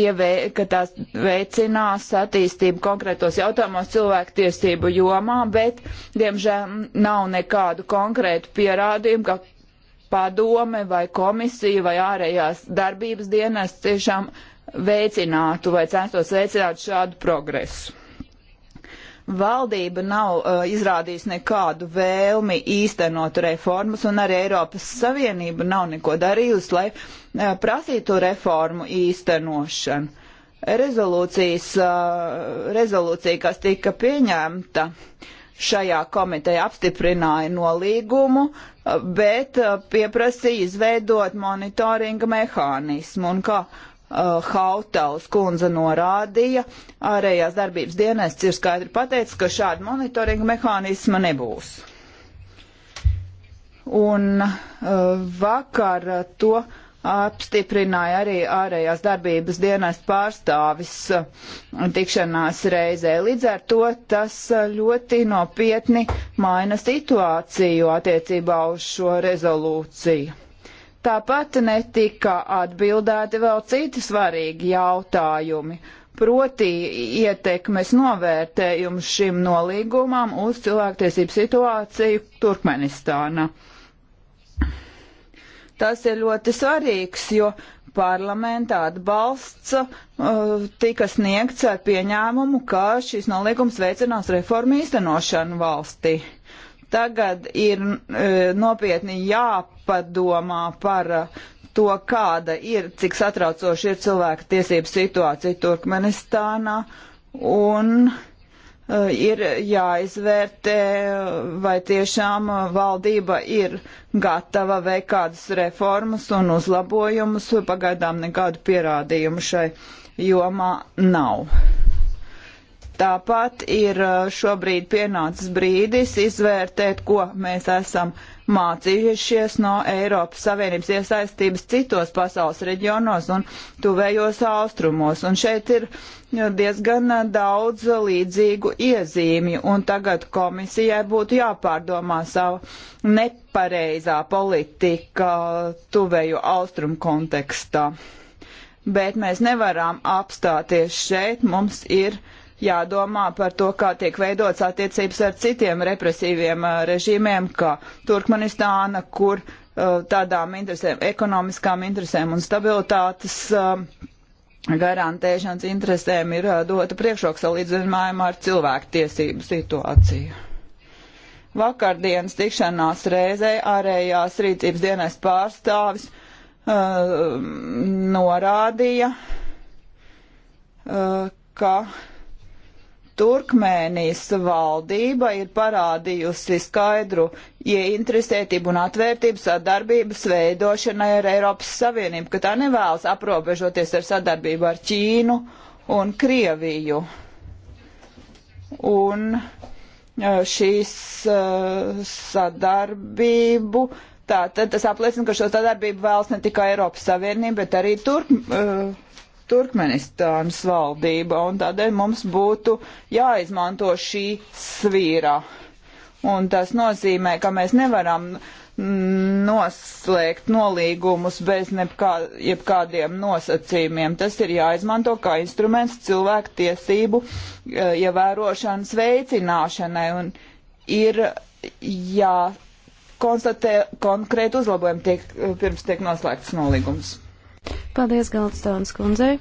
tie vei, ka tās veicinās attīstību konkrētos jautājumos cilvēktiesību jomā, bet, diemžēl, nav nekādu konkrētu pierādījumu, ka padome vai komisija vai ārējās darbības dienas tiešām veicinātu vai censtos veicināt šādu progresu. Valdība nav uh, izrādījusi nekādu vēlmi īstenot reformas, un arī Eiropas Savienība nav neko darījusi, lai uh, prasītu reformu īstenošanu. Rezolūcijas, uh, rezolūcija, kas tika pieņemta šajā komiteja, apstiprināja nolīgumu, uh, bet uh, pieprasīja izveidot monitoringa mehānismu. Un kā uh, Eh, Hautaus kundze norādīja, ārējās darbības dienests ir skaidri pateicis, ka šāda monitoringa mehānisma nebūs. Un eh, vakar to apstiprināja arī ārējās darbības dienests pārstāvis eh, tikšanās reizē. Līdz ar to tas ļoti nopietni maina situāciju attiecībā uz šo rezolūciju Tāpat netika atbildēti vēl citi svarīgi jautājumi, proti ietekmes novērtējums šim nolīgumam uz cilvēktiesību situāciju Turkmenistāna. Tas ir ļoti svarīgs, jo parlamentā atbalsts uh, tika sniegts ar pieņēmumu, ka šis nolīgums veicinās reformu īstenošanu valstī. Uh, Tagad ir e, nopietni jāpadomā par e, to, kāda ir, cik satraucoši ir cilvēka tiesību situācija Turkmenistānā. Un e, ir jāizvērtē, vai tiešām valdība ir gatava veikt kādas reformas un uzlabojumus. Pagaidām nekādu pierādījumu šai jomā nav. Tāpat ir šobrīd pienācis brīdis izvērtēt, ko mēs esam mācījušies no Eiropas Savienības iesaistības citos pasaules reģionos un tuvējos austrumos. Un šeit ir diezgan daudz līdzīgu iezīmju, un tagad komisijai būtu jāpārdomā savu nepareizā politika tuvēju austrumu kontekstā. Bet mēs nevaram apstāties šeit, mums ir uh, jādomā par to, kā tiek veidots attiecības ar citiem represīviem uh, režīmiem, kā Turkmenistāna, kur uh, tādām interesēm, ekonomiskām interesēm un stabilitātes uh, garantēšanas interesēm ir dota priekšroks salīdzinājumā ar cilvēku tiesību situāciju. Vakardienas tikšanās reizē ārējās rīcības dienas pārstāvis uh, norādīja, uh, ka uh, Turkmēnijas valdība ir parādījusi skaidru ieinteresētību un atvērtību sadarbības veidošanai ar Eiropas Savienību, ka tā nevēlas aprobežoties ar sadarbību ar Ķīnu un Krieviju. Un e, šīs uh, sadarbību, tātad tas apliecina, ka šo sadarbību vēlas ne tikai Eiropas Savienība, bet arī Turkmēnija. Uh, e, Turkmenistānas valdība, un tādēļ mums būtu jāizmanto šī svīra. Un tas nozīmē, ka mēs nevaram noslēgt nolīgumus bez nekā, jebkādiem nosacījumiem. Tas ir jāizmanto kā instruments cilvēku tiesību e, ievērošanas veicināšanai un ir jākonstatē konkrēti uzlabojumi, tiek, e, pirms tiek noslēgts nolīgums. Paldies, Galdstonas kundzei.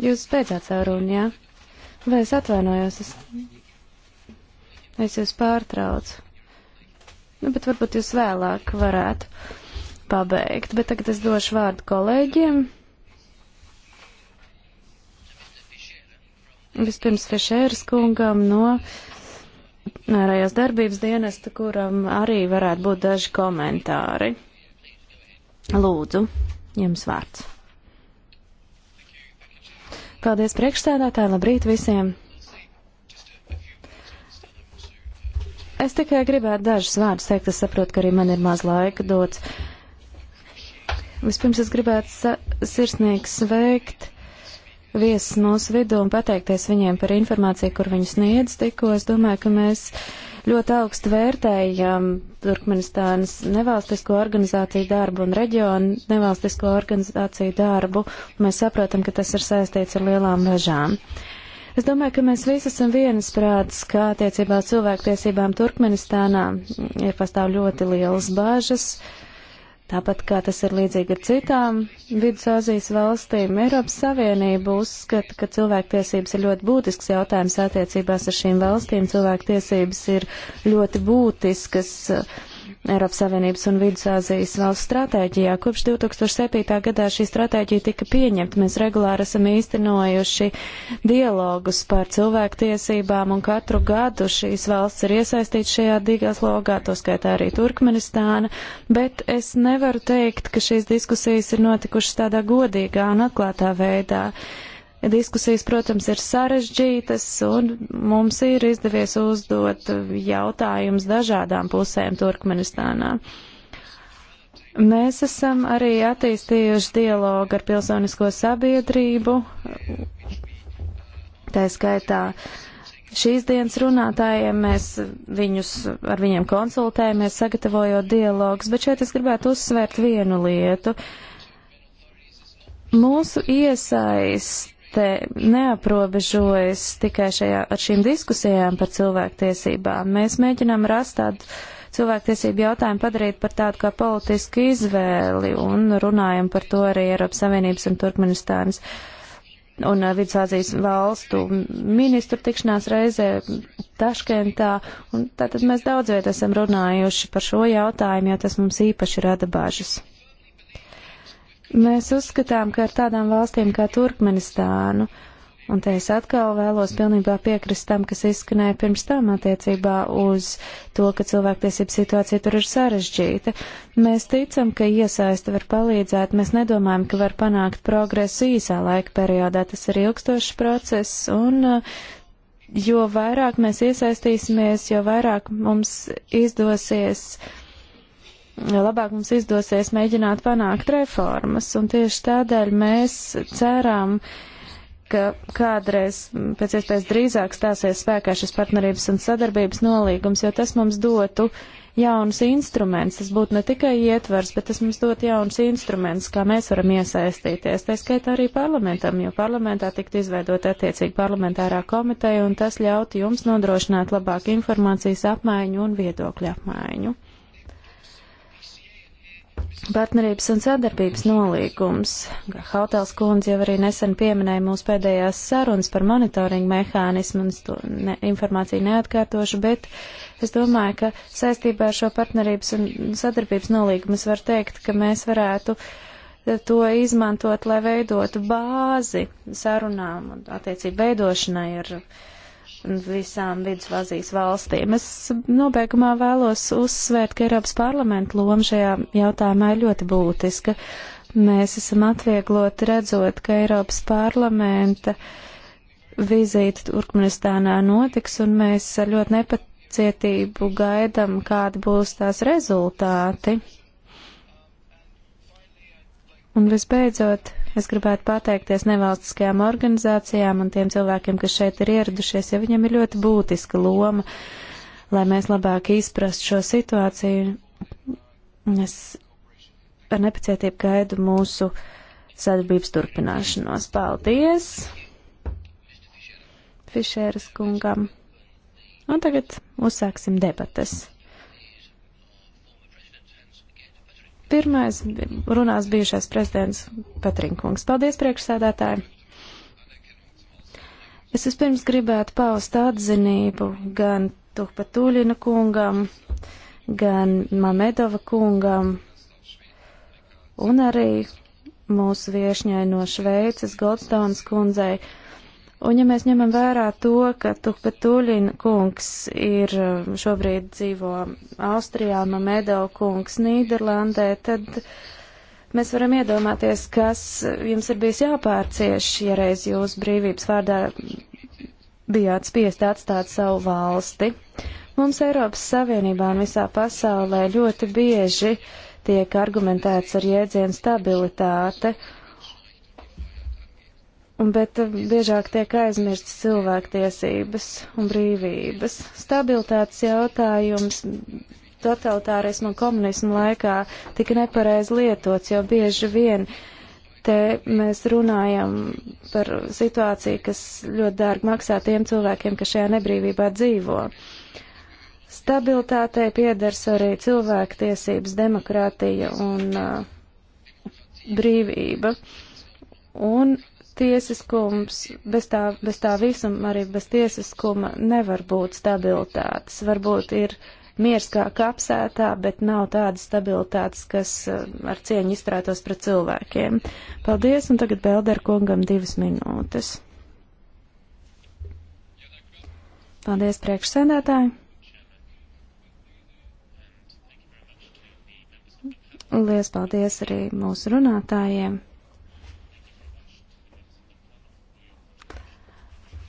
Jūs beidzāt savu runu, jā? Vai es atvainojos? Es, es jūs pārtraucu. Nu, bet varbūt jūs vēlāk varētu pabeigt. Bet tagad es došu vārdu kolēģiem. Vispirms Fešēras kungam no ārējās darbības dienesta, kuram arī varētu būt daži komentāri. Lūdzu jums vārds. Paldies priekšstādātāji, labrīt visiem! Es tikai gribētu dažus vārdus teikt, es saprotu, ka arī man ir maz laika dots. Vispirms es gribētu sirsnīgi sveikt viesus mūsu vidū un pateikties viņiem par informāciju, kur viņi sniedz tikko. Es domāju, ka mēs uh, ļoti augstu vērtējam um, Turkmenistānas nevalstisko organizāciju darbu un reģionu nevalstisko organizāciju darbu. Mēs saprotam, ka tas ir saistīts ar lielām bažām. Es domāju, ka mēs visi esam vienas prātas, ka attiecībā cilvēktiesībām Turkmenistānā ir pastāv ļoti lielas bažas. Uh, Tāpat kā tas ir līdzīgi ar citām Vidusāzijas valstīm, Eiropas Savienība uzskata, ka cilvēktiesības ir ļoti būtisks jautājums attiecībās ar šīm valstīm. Cilvēktiesības ir ļoti būtiskas Eiropas Savienības un Vidusāzijas valsts stratēģijā. Kopš 2007. gadā šī stratēģija tika pieņemta. Mēs regulāri esam īstenojuši dialogus par cilvēktiesībām, un katru gadu šīs valsts ir iesaistīts šajā dialogā, to skaitā arī Turkmenistāna. Bet es nevaru teikt, ka šīs diskusijas ir notikušas tādā godīgā un atklātā veidā. Uh, Diskusijas, protams, ir sarežģītas, un mums ir izdevies uzdot jautājumus dažādām pusēm Turkmenistānā. Mēs esam arī attīstījuši dialogu ar pilsonisko sabiedrību, tā skaitā šīs dienas runātājiem mēs viņus, ar viņiem konsultējamies, sagatavojot dialogus, bet šeit es gribētu uzsvērt vienu lietu. Mūsu iesaist debatē neaprobežojas tikai šajā, ar šīm diskusijām par cilvēktiesībām. Mēs mēģinām rast tādu cilvēktiesību jautājumu padarīt par tādu kā politisku izvēli un runājam par to arī Eiropas Savienības un Turkmenistānas un uh, Vidzāzijas valstu ministru tikšanās reizē Taškentā. Un tātad mēs daudz viet esam runājuši par šo jautājumu, jo tas mums īpaši rada bažas. Mēs uzskatām, ka ar tādām valstīm kā Turkmenistānu, un te es atkal vēlos pilnībā piekrist tam, kas izskanēja pirms tam attiecībā uz to, ka cilvēktiesība situācija tur ir sarežģīta, mēs ticam, ka iesaista var palīdzēt, mēs nedomājam, ka var panākt progresu īsā laika periodā, tas ir ilgstošs process, un uh, jo vairāk mēs iesaistīsimies, jo vairāk mums izdosies uh, labāk mums izdosies mēģināt panākt reformas, un tieši tādēļ mēs cerām, ka kādreiz pēc iespējas drīzāk stāsies spēkā šis partnerības un sadarbības nolīgums, jo tas mums dotu jaunus instruments. Tas būtu ne tikai ietvers, bet tas mums dotu jaunus instruments, kā mēs varam iesaistīties. Tā skaitā arī parlamentam, jo parlamentā tiktu izveidot attiecīgi parlamentārā komiteja, un tas ļautu jums nodrošināt labāku informācijas apmaiņu un viedokļu apmaiņu partnerības un sadarbības nolīgums. Hautels kundze jau arī nesen pieminēja mūsu pēdējās sarunas par monitoringu mehānismu, un es to ne, informāciju neatkārtošu, bet es domāju, ka saistībā ar šo partnerības un sadarbības nolīgumu es varu teikt, ka mēs varētu to izmantot, lai veidotu bāzi sarunām un attiecību veidošanai ar. Uh, visām Vidusvāzijas valstīm. Es nobeigumā vēlos uzsvērt, ka Eiropas parlamenta loma šajā jautājumā ir ļoti būtiska. Mēs esam atviegloti redzot, ka Eiropas parlamenta vizīte Turkmenistānā notiks, un mēs ar ļoti nepacietību gaidam, kādi būs tās rezultāti. Un visbeidzot, Es gribētu pateikties nevalstiskajām organizācijām un tiem cilvēkiem, kas šeit ir ieradušies, ja viņam ir ļoti būtiska loma, lai mēs labāk izprastu šo situāciju. Es ar nepacietību gaidu mūsu sadarbības turpināšanos. Paldies! Fišēras kungam. Un tagad uzsāksim debatas. Pirmais runās bijušais prezidents Patrinkungs. Paldies, priekšsēdētāji! Es vispirms gribētu paust atzinību gan Tuhpatuļina kungam, gan Mamedova kungam un arī mūsu viešņai no Šveices Goldstones kundzei Un ja mēs ņemam vērā to, ka Tukpatuļin kungs ir um, šobrīd dzīvo Austrijā, Mamedo kungs Nīderlandē, tad mēs varam iedomāties, kas jums ir bijis jāpārcieš, ja reiz jūs brīvības vārdā bijāt spiest atstāt savu valsti. Mums Eiropas Savienībā un visā pasaulē ļoti bieži tiek argumentēts ar jēdzienu stabilitāte, Un, bet eh, biežāk tiek aizmirstas cilvēktiesības un brīvības. Stabilitātes jautājums totalitārismu un komunismu laikā tika nepareiz lietots, jo bieži vien te mēs runājam par situāciju, kas ļoti dārgi maksā tiem cilvēkiem, kas šajā nebrīvībā dzīvo. Stabilitātei piedars arī cilvēktiesības, demokrātija un uh, brīvība. Un tiesiskums, bez tā, bez tā visuma, arī bez tiesiskuma nevar būt stabilitātes. Varbūt ir miers kā kapsētā, bet nav tādas stabilitātes, kas eh, ar cieņu izturētos pret cilvēkiem. Paldies, un tagad Belder kungam divas minūtes. Paldies, priekšsēdētāji. Lies paldies arī mūsu runātājiem.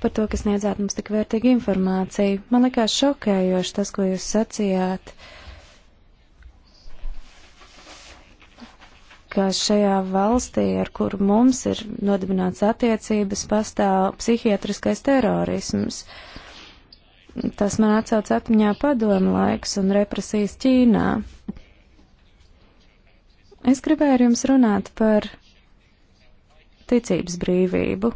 par to, kas niedzāt mums tik vērtīgu informāciju. Man likās šokējoši tas, ko jūs sacījāt, ka šajā valstī, ar kuru mums ir nodibināts attiecības, pastāv psihiatriskais terorisms. Tas man atcauc atmiņā padomu laiks un represijas Ķīnā. Es gribēju ar jums runāt par ticības brīvību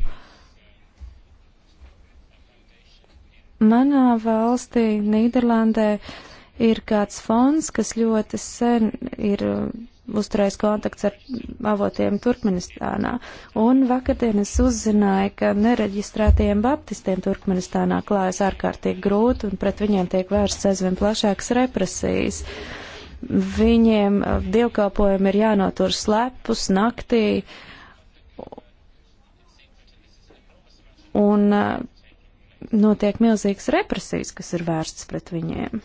Manā valstī, Nīderlandē, ir kāds fonds, kas ļoti sen ir uh, uzturējis kontakts ar avotiem Turkmenistānā. Un vakardien es uzzināju, ka nereģistrētajiem baptistiem Turkmenistānā klājas ārkārtīgi grūti un pret viņiem tiek vērstas aizvien plašākas represijas. Viņiem uh, dievkalpojumi ir jānotur slepus naktī. Un uh, notiek milzīgas represijas, kas ir vērstas pret viņiem.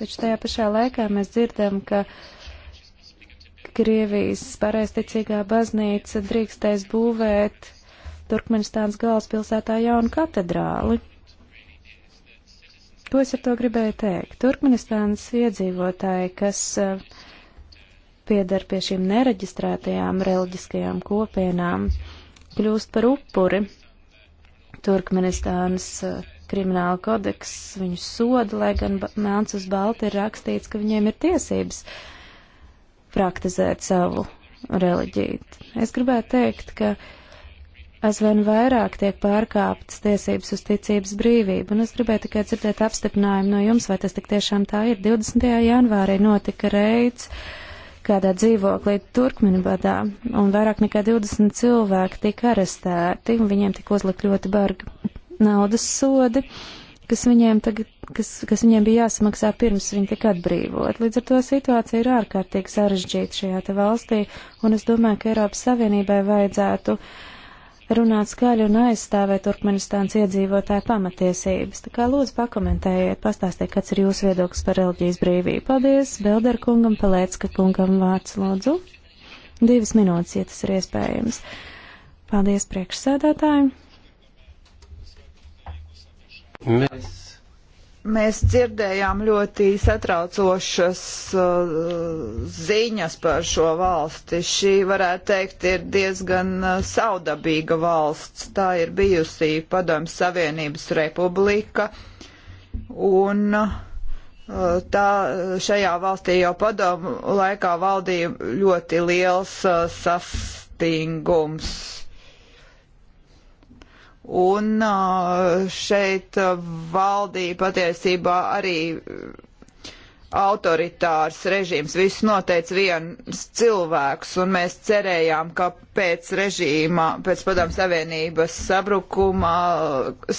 Taču tajā pašā laikā mēs dzirdam, ka Krievijas pareisticīgā baznīca drīkstēs būvēt Turkmenistānas galvaspilsētā jaunu katedrāli. Ko es ar to gribēju teikt? Turkmenistānas iedzīvotāji, kas eh, piedar pie šīm nereģistrētajām reliģiskajām kopienām, kļūst par upuri Turkmenistānas eh, krimināla kodeks viņu soda, lai gan melns uz balti ir rakstīts, ka viņiem ir tiesības praktizēt savu reliģiju. Es gribētu teikt, ka aizvien vairāk tiek pārkāptas tiesības uz ticības brīvību, un es gribēju tikai dzirdēt apstiprinājumu no jums, vai tas tik tiešām tā ir. 20. janvārī notika reids kādā dzīvoklī Turkmenibadā, un vairāk nekā 20 cilvēki tika arestēti, un viņiem tika uzlikt ļoti bargi naudas sodi, kas viņiem, tagad, kas, kas viņiem bija jāsamaksā pirms viņi tika atbrīvot. Līdz ar to situācija ir ārkārtīgi sarežģīta šajā te valstī, un es domāju, ka Eiropas Savienībai vajadzētu uh, runāt skaļi un aizstāvēt Turkmenistāns iedzīvotāju pamatiesības. Tā kā lūdzu pakomentējiet, pastāstiet, kāds ir jūsu viedoklis par reliģijas brīvību. Paldies Belder kungam, Palēcka kungam vārds lūdzu. Divas minūtes, ja tas ir iespējams. Paldies priekšsēdētājiem. Mēs Mēs dzirdējām ļoti satraucošas uh, ziņas par šo valsti. Šī, varētu teikt, ir diezgan uh, saudabīga valsts. Tā ir bijusi Padomjas Savienības republika. Un uh, tā šajā valstī jau padomu laikā valdīja ļoti liels uh, sastingums Un šeit valdīja patiesībā arī autoritārs režīms. Viss noteica viens cilvēks, un mēs cerējām, ka pēc režīma, pēc padomu savienības sabrukuma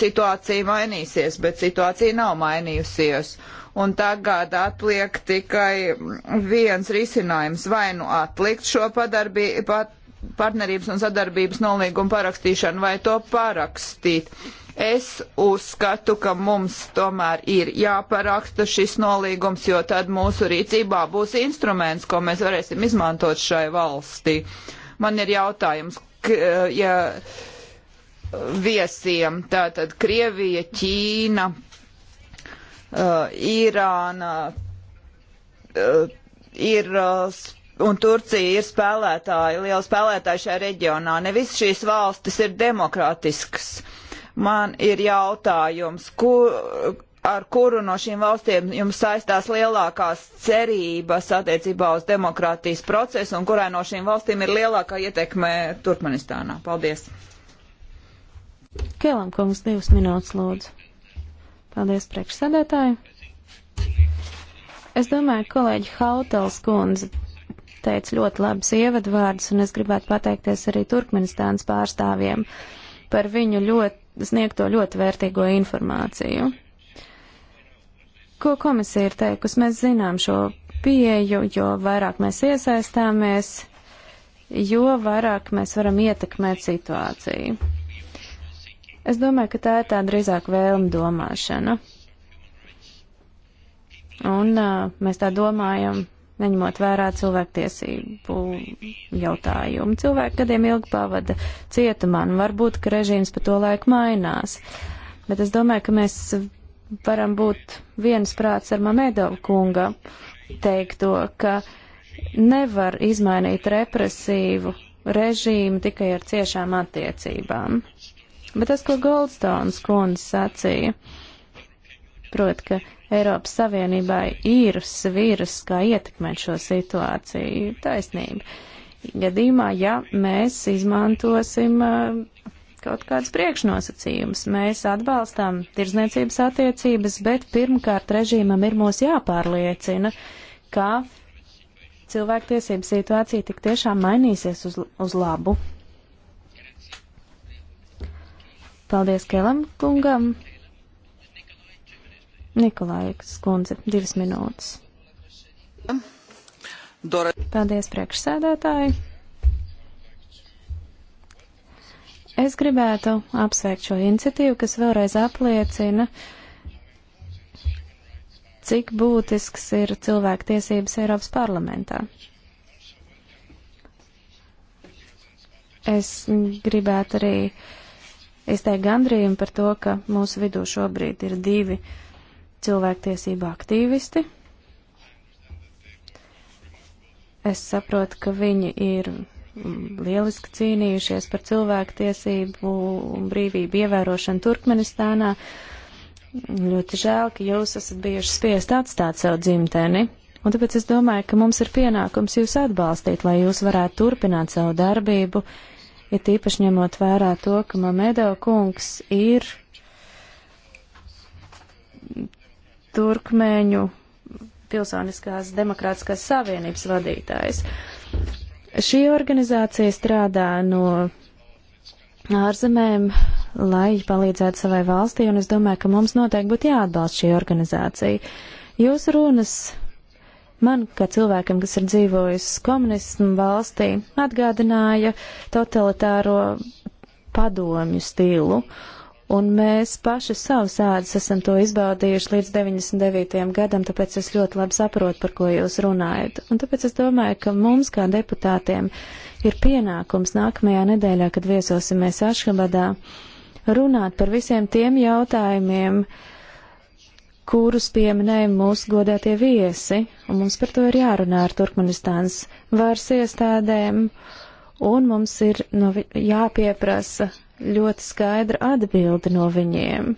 situācija mainīsies, bet situācija nav mainījusies. Un tagad atliek tikai viens risinājums - vai nu atlikt šo padarbi, pat partnerības un sadarbības nolīgumu parakstīšanu vai to parakstīt. Es uzskatu, ka mums tomēr ir jāparaksta šis nolīgums, jo tad mūsu rīcībā būs instruments, ko mēs varēsim izmantot šai valstī. Man ir jautājums, k, ja viesiem, tātad Krievija, Ķīna, uh, Irāna, uh, ir uh, un Turcija ir spēlētāji, liela spēlētāja šajā reģionā. Ne visas šīs valstis ir demokrātiskas. Man ir jautājums, kur, ar kuru no šīm valstīm jums saistās lielākās cerības attiecībā uz demokrātijas procesu un kurai no šīm valstīm ir lielākā ietekme Turkmenistānā? Paldies! Kēlam kungs, divas minūtes lūdzu. Paldies priekšsēdētāji. Es domāju, kolēģi Hautels kundze teica ļoti labas ievadvārdas, un es gribētu pateikties arī Turkmenistānas pārstāvjiem par viņu ļoti sniegto ļoti vērtīgo informāciju. Ko komisija ir teikusi? Mēs zinām šo pieeju, jo vairāk mēs iesaistāmies, jo vairāk mēs varam ietekmēt situāciju. Es domāju, ka tā ir tā drīzāk vēlme domāšana. Un uh, mēs tā domājam neņemot vērā cilvēktiesību jautājumu. Cilvēki gadiem ilgi pavada cietumā, un nu, varbūt, ka režīms pa to laiku mainās. Bet es domāju, ka mēs varam būt viens prāts ar Mamedovu kunga teikto, ka nevar izmainīt represīvu režīmu tikai ar ciešām attiecībām. Bet tas, ko Goldstones kundze sacīja, proti, ka Eiropas Savienībai ir sviras, kā ietekmēt šo situāciju. Taisnība. Gadījumā, ja mēs izmantosim uh, kaut kādas priekšnosacījumus, mēs atbalstām tirzniecības attiecības, bet pirmkārt režīmam ir mūs jāpārliecina, ka cilvēktiesība situācija tik tiešām mainīsies uz, uz labu. Paldies Kelam kungam! Nikolaikas kundze, divas minūtes. Paldies, priekšsēdētāji. Es gribētu apsveikt šo iniciatīvu, kas vēlreiz apliecina, cik būtisks ir cilvēktiesības Eiropas parlamentā. Es gribētu arī izteikt gandrījumu par to, ka mūsu vidū šobrīd ir divi uh, cilvēktiesība aktīvisti. Es saprotu, ka viņi ir mm, lieliski cīnījušies par cilvēktiesību un brīvību ievērošanu Turkmenistānā. Ļoti žēl, ka jūs esat bijuši spiest atstāt savu dzimteni. Un tāpēc es domāju, ka mums ir pienākums jūs atbalstīt, lai jūs varētu turpināt savu darbību, ja tīpaši ņemot vērā to, ka Mamedo kungs ir Turkmēņu Pilsoniskās demokrātiskās savienības vadītājs. Šī organizācija strādā no ārzemēm, lai palīdzētu savai valstī, un es domāju, ka mums noteikti būtu jāatbalsta šī organizācija. Jūsu runas man, kā cilvēkam, kas ir dzīvojis komunismu valstī, atgādināja totalitāro padomju stilu. Uh, un mēs paši savus ēdas esam to izbaudījuši līdz 99. gadam, tāpēc es ļoti labi saprotu, par ko jūs runājat. Un tāpēc es domāju, ka mums kā deputātiem ir pienākums nākamajā nedēļā, kad viesosimies Ašhabadā, runāt par visiem tiem jautājumiem, kurus pieminēja mūsu godētie viesi, un mums par to ir jārunā ar Turkmenistānas varas iestādēm, un mums ir no, nu, jāpieprasa ļoti skaidra atbildi no viņiem.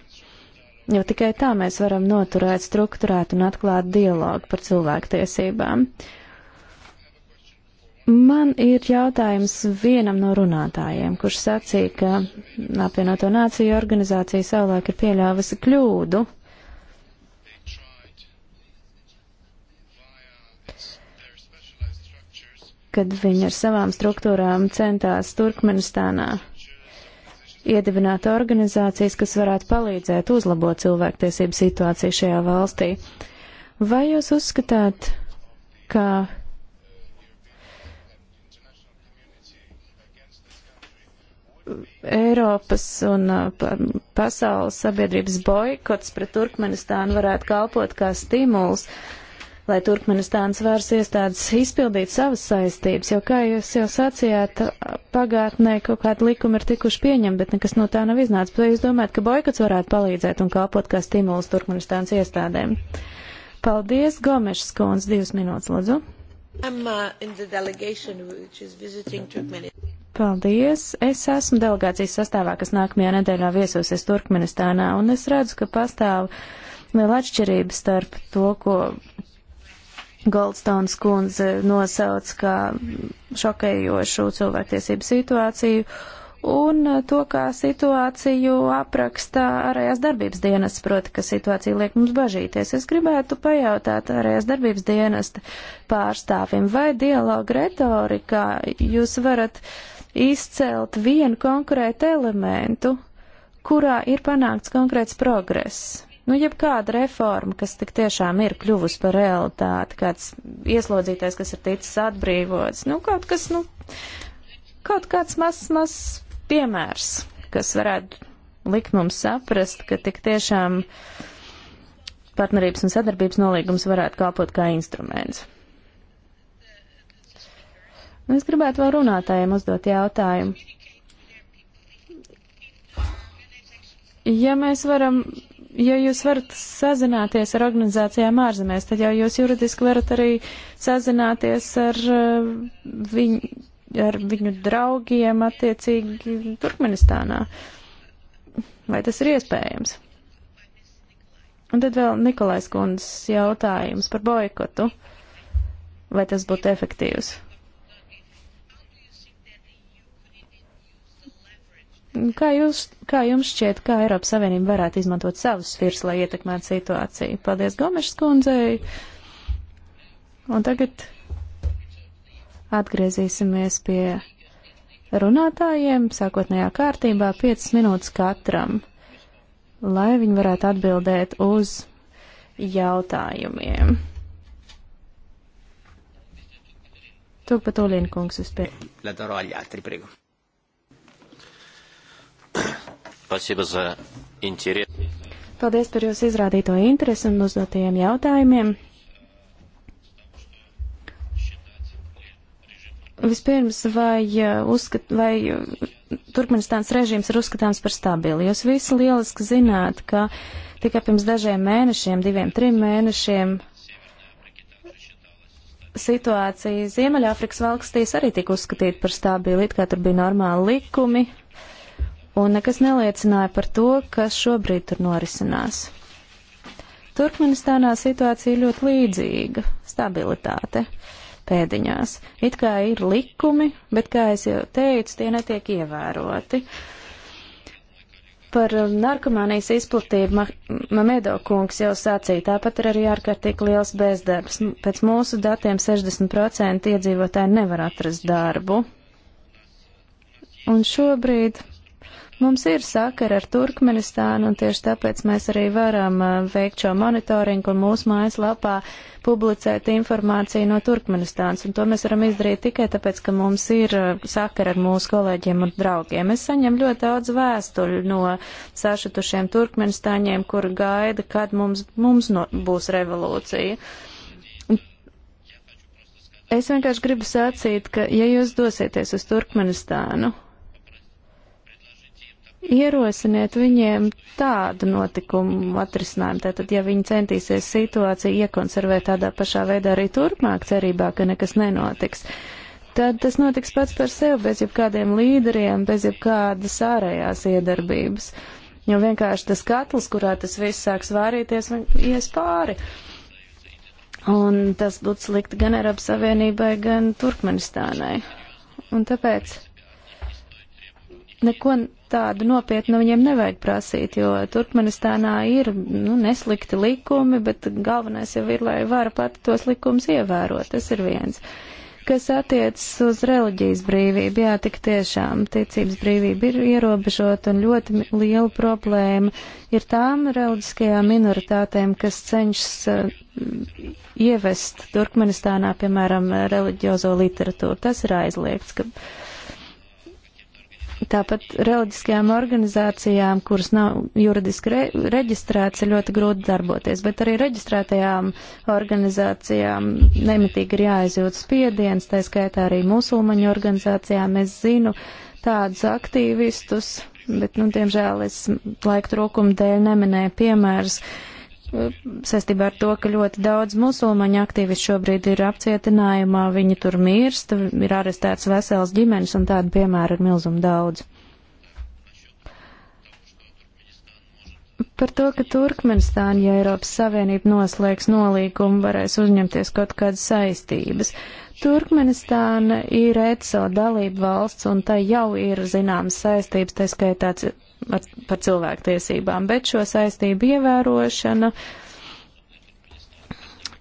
Jo tikai tā mēs varam noturēt, strukturēt un atklāt dialogu par cilvēktiesībām. Man ir jautājums vienam no runātājiem, kurš sacīja, ka apvienoto nāciju organizācija savulaik ir pieļāvusi kļūdu. kad viņi ar savām struktūrām centās Turkmenistānā iedibināt organizācijas, kas varētu palīdzēt uzlabot cilvēktiesību situāciju šajā valstī. Vai jūs uzskatāt, ka Eiropas un uh, pasaules sabiedrības boikots pret Turkmenistānu varētu kalpot kā stimuls lai Turkmenistānas vārs iestādes izpildītu savas saistības, jo, kā jūs jau sacījāt, pagātnē kaut kāda likuma ir tikuši pieņemta, bet nekas no tā nav iznācis. Vai jūs domājat, ka boikots varētu palīdzēt un kalpot kā stimuls Turkmenistānas iestādēm? Paldies, Gomešs Kons, divas minūtes, lūdzu. Uh, Paldies! Es esmu delegācijas sastāvā, kas nākamajā nedēļā viesosies Turkmenistānā, un es redzu, ka pastāv liela atšķirība starp to, ko Goldstones kundze nosauc kā šokējošu cilvēktiesību situāciju un eh, to, kā situāciju aprakstā ārējās darbības dienas, proti, ka situācija liek mums bažīties. Es gribētu pajautāt ārējās darbības dienesta pārstāvim, vai dialogu retorikā jūs varat izcelt vienu konkrētu elementu, kurā ir panākts konkrēts progress. Nu, jebkāda reforma, kas tik tiešām ir kļuvusi par realitāti, kāds ieslodzītais, kas ir ticis atbrīvots, nu, kaut kas, nu, kaut kāds mazs, mazs piemērs, kas varētu likt mums saprast, ka tik tiešām partnerības un sadarbības nolīgums varētu kalpot kā instruments. Un es gribētu vēl runātājiem uzdot jautājumu. Ja mēs varam ja jūs varat sazināties ar organizācijām ārzemēs, tad jau jūs juridiski varat arī sazināties ar, eh, viņ, ar viņu draugiem attiecīgi Turkmenistānā. Vai tas ir iespējams? Un tad vēl Nikolais kundzes jautājums par boikotu. Vai tas būtu efektīvs? Kā, jūs, kā jums šķiet, kā Eiropas Savienība varētu izmantot savus virs, lai ietekmētu situāciju? Paldies Gomešas kundzei. Un tagad atgriezīsimies pie runātājiem sākotnējā kārtībā 5 minūtes katram, lai viņi varētu atbildēt uz jautājumiem. Tu pat Olīna kungs vispirms. Paldies par jūsu izrādīto interesi un uzdotajiem jautājumiem. Vispirms, vai, uh, uzskat, vai uh, Turkmenistāns režīms ir uzskatāms par stabilu? Jūs visi lieliski zināt, ka tikai pirms dažiem mēnešiem, diviem, trim mēnešiem situācija Ziemeļāfrikas valstīs arī tika uzskatīta par stabilu, it kā tur bija normāli likumi, un nekas neliecināja par to, kas šobrīd tur norisinās. Turkmenistānā situācija ļoti līdzīga - stabilitāte pēdiņās. It kā ir likumi, bet, kā es jau teicu, tie netiek ievēroti. Par narkomānijas izplatību Mamedo kungs jau sacīja, tāpat ir arī ārkārtīgi liels bezdarbs. Pēc mūsu datiem 60% iedzīvotāji nevar atrast darbu. Un šobrīd Mums ir sakara ar Turkmenistānu, un tieši tāpēc mēs arī varam uh, veikt šo monitoringu un mūsu mājaslapā publicēt informāciju no Turkmenistānas. Un to mēs varam izdarīt tikai tāpēc, ka mums ir uh, sakara ar mūsu kolēģiem un draugiem. Es saņemu ļoti daudz vēstuļu no sašutušiem Turkmenistāņiem, kur gaida, kad mums, mums no, būs revolūcija. Es vienkārši gribu sacīt, ka ja jūs dosieties uz Turkmenistānu, ierosiniet viņiem tādu notikumu atrisinājumu. Tātad, ja viņi centīsies situāciju iekonservēt tādā pašā veidā arī turpmāk cerībā, ka nekas nenotiks, tad tas notiks pats par sevi, bez jebkādiem līderiem, bez jebkādas ārējās iedarbības. Jo vienkārši tas katls, kurā tas viss sāks vārīties, ies pāri. Un tas būtu slikti gan Eiropas Savienībai, gan Turkmenistānai. Un tāpēc neko tādu nopietnu viņiem nevajag prasīt, jo Turkmenistānā ir nu, neslikti likumi, bet galvenais jau ir, lai vara pati tos likumus ievērot. Tas ir viens. Kas attiecas uz reliģijas brīvību, jā, tik tiešām ticības brīvība ir ierobežota un ļoti liela problēma ir tām reliģiskajām minoritātēm, kas cenšas uh, ievest Turkmenistānā, piemēram, reliģiozo literatūru. Tas ir aizliegts, ka uh, Tāpat reliģiskajām organizācijām, kuras nav juridiski re reģistrētas, ir ļoti grūti darboties, bet arī reģistrētajām organizācijām nemitīgi ir jāizjūt spiediens, tā skaitā arī musulmaņu organizācijām. Es zinu tādus aktīvistus, bet, nu, diemžēl es laika trūkuma dēļ neminēju piemērus saistībā ar to, ka ļoti daudz musulmaņu aktīvisti šobrīd ir apcietinājumā, viņi tur mirst, ir arestēts vesels ģimenes un tādu piemēru ir milzumu daudz. Par to, ka Turkmenistāna, ja Eiropas Savienība noslēgs nolīgumu, varēs uzņemties kaut kādas saistības. Turkmenistāna ir ECO dalība valsts, un tai jau ir zināmas saistības, tā skaitā ar, par cilvēktiesībām, bet šo saistību ievērošana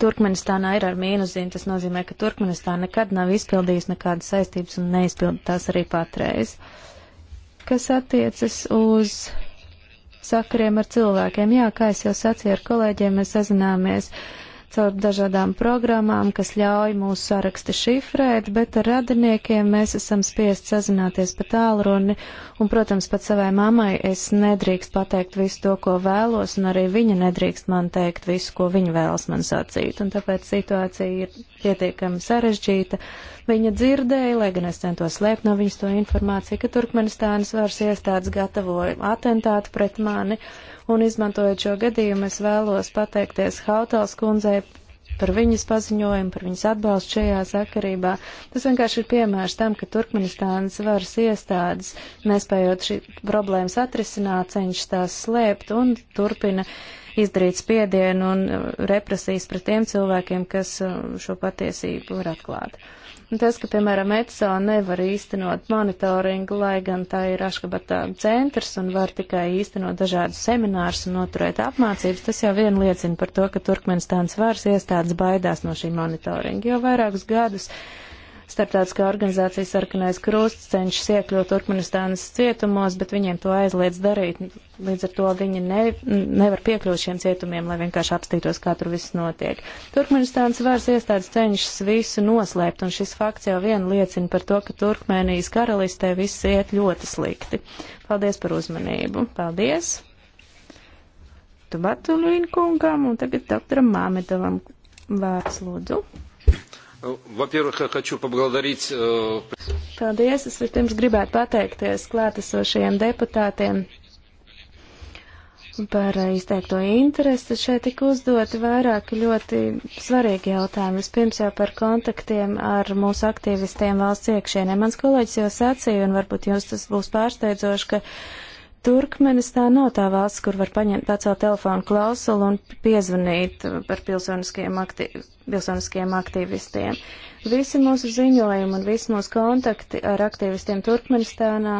Turkmenistānā ir ar mīnuzīm. Tas nozīmē, ka Turkmenistāna nekad nav izpildījusi nekādas saistības un neizpilda tās arī patreiz. Kas attiecas uz sakariem ar cilvēkiem, jā, kā es jau sacīju ar kolēģiem, mēs sazināmies. Uh, caur dažādām programmām, kas ļauj mūsu saraksti šifrēt, bet ar radiniekiem mēs esam spiest sazināties pa tālruni, un, protams, pat savai mammai es nedrīkst pateikt visu to, ko vēlos, un arī viņa nedrīkst man teikt visu, ko viņa vēlas man sacīt, un tāpēc situācija ir pietiekami sarežģīta. Viņa dzirdēja, lai gan es centos slēpt no viņas to informāciju, ka Turkmenistānas varas iestādes gatavoja atentātu pret mani, Un izmantojot šo gadījumu, es vēlos pateikties Hautals kundzei par viņas paziņojumu, par viņas atbalstu šajā sakarībā. Tas vienkārši ir piemērs tam, ka Turkmenistānas varas iestādes, nespējot šī problēmas atrisināt, cenšas tās slēpt un turpina uh, izdarīt spiedienu un uh, represijas pret tiem cilvēkiem, kas uh, šo patiesību var atklāt. Un tas, ka, piemēram, ETSO nevar īstenot monitoringu, lai gan tā ir Aškabatā centrs un var tikai īstenot dažādus seminārus un noturēt apmācības, tas jau vien liecina par to, ka Turkmenistāns varas iestādes baidās no šī monitoringa. Jo vairākus gadus uh, Startautiskā organizācija Sarkanais Krusts cenšas iekļūt Turkmenistānas cietumos, bet viņiem to aizliedz darīt. Līdz ar to viņi ne, nevar piekļūt šiem cietumiem, lai vienkārši apstītos, kā tur viss notiek. Turkmenistānas varas iestādes cenšas visu noslēpt, un šis fakts jau vien liecina par to, ka Turkmēnijas karalistē viss iet ļoti slikti. Paldies par uzmanību. Paldies! Tubatu Līnkungam un tagad doktoram Māmedovam vārds lūdzu. Во-первых, я хочу поблагодарить... Э, Paldies, es vispirms gribētu pateikties klātesošajiem deputātiem par izteikto interesi. Šeit tika uzdoti vairāki ļoti svarīgi jautājumi. Vispirms jau par kontaktiem ar mūsu aktīvistiem valsts iekšienē. Mans kolēģis jau sacīja, un varbūt jums tas būs pārsteidzoši, ka Turkmenistāna nav tā valsts, kur var paņemt, pacelt telefonu klausulu un piezvanīt par pilsoniskiem, akti, pilsoniskiem aktīvistiem. Visi mūsu ziņojumi un visi mūsu kontakti ar aktīvistiem Turkmenistānā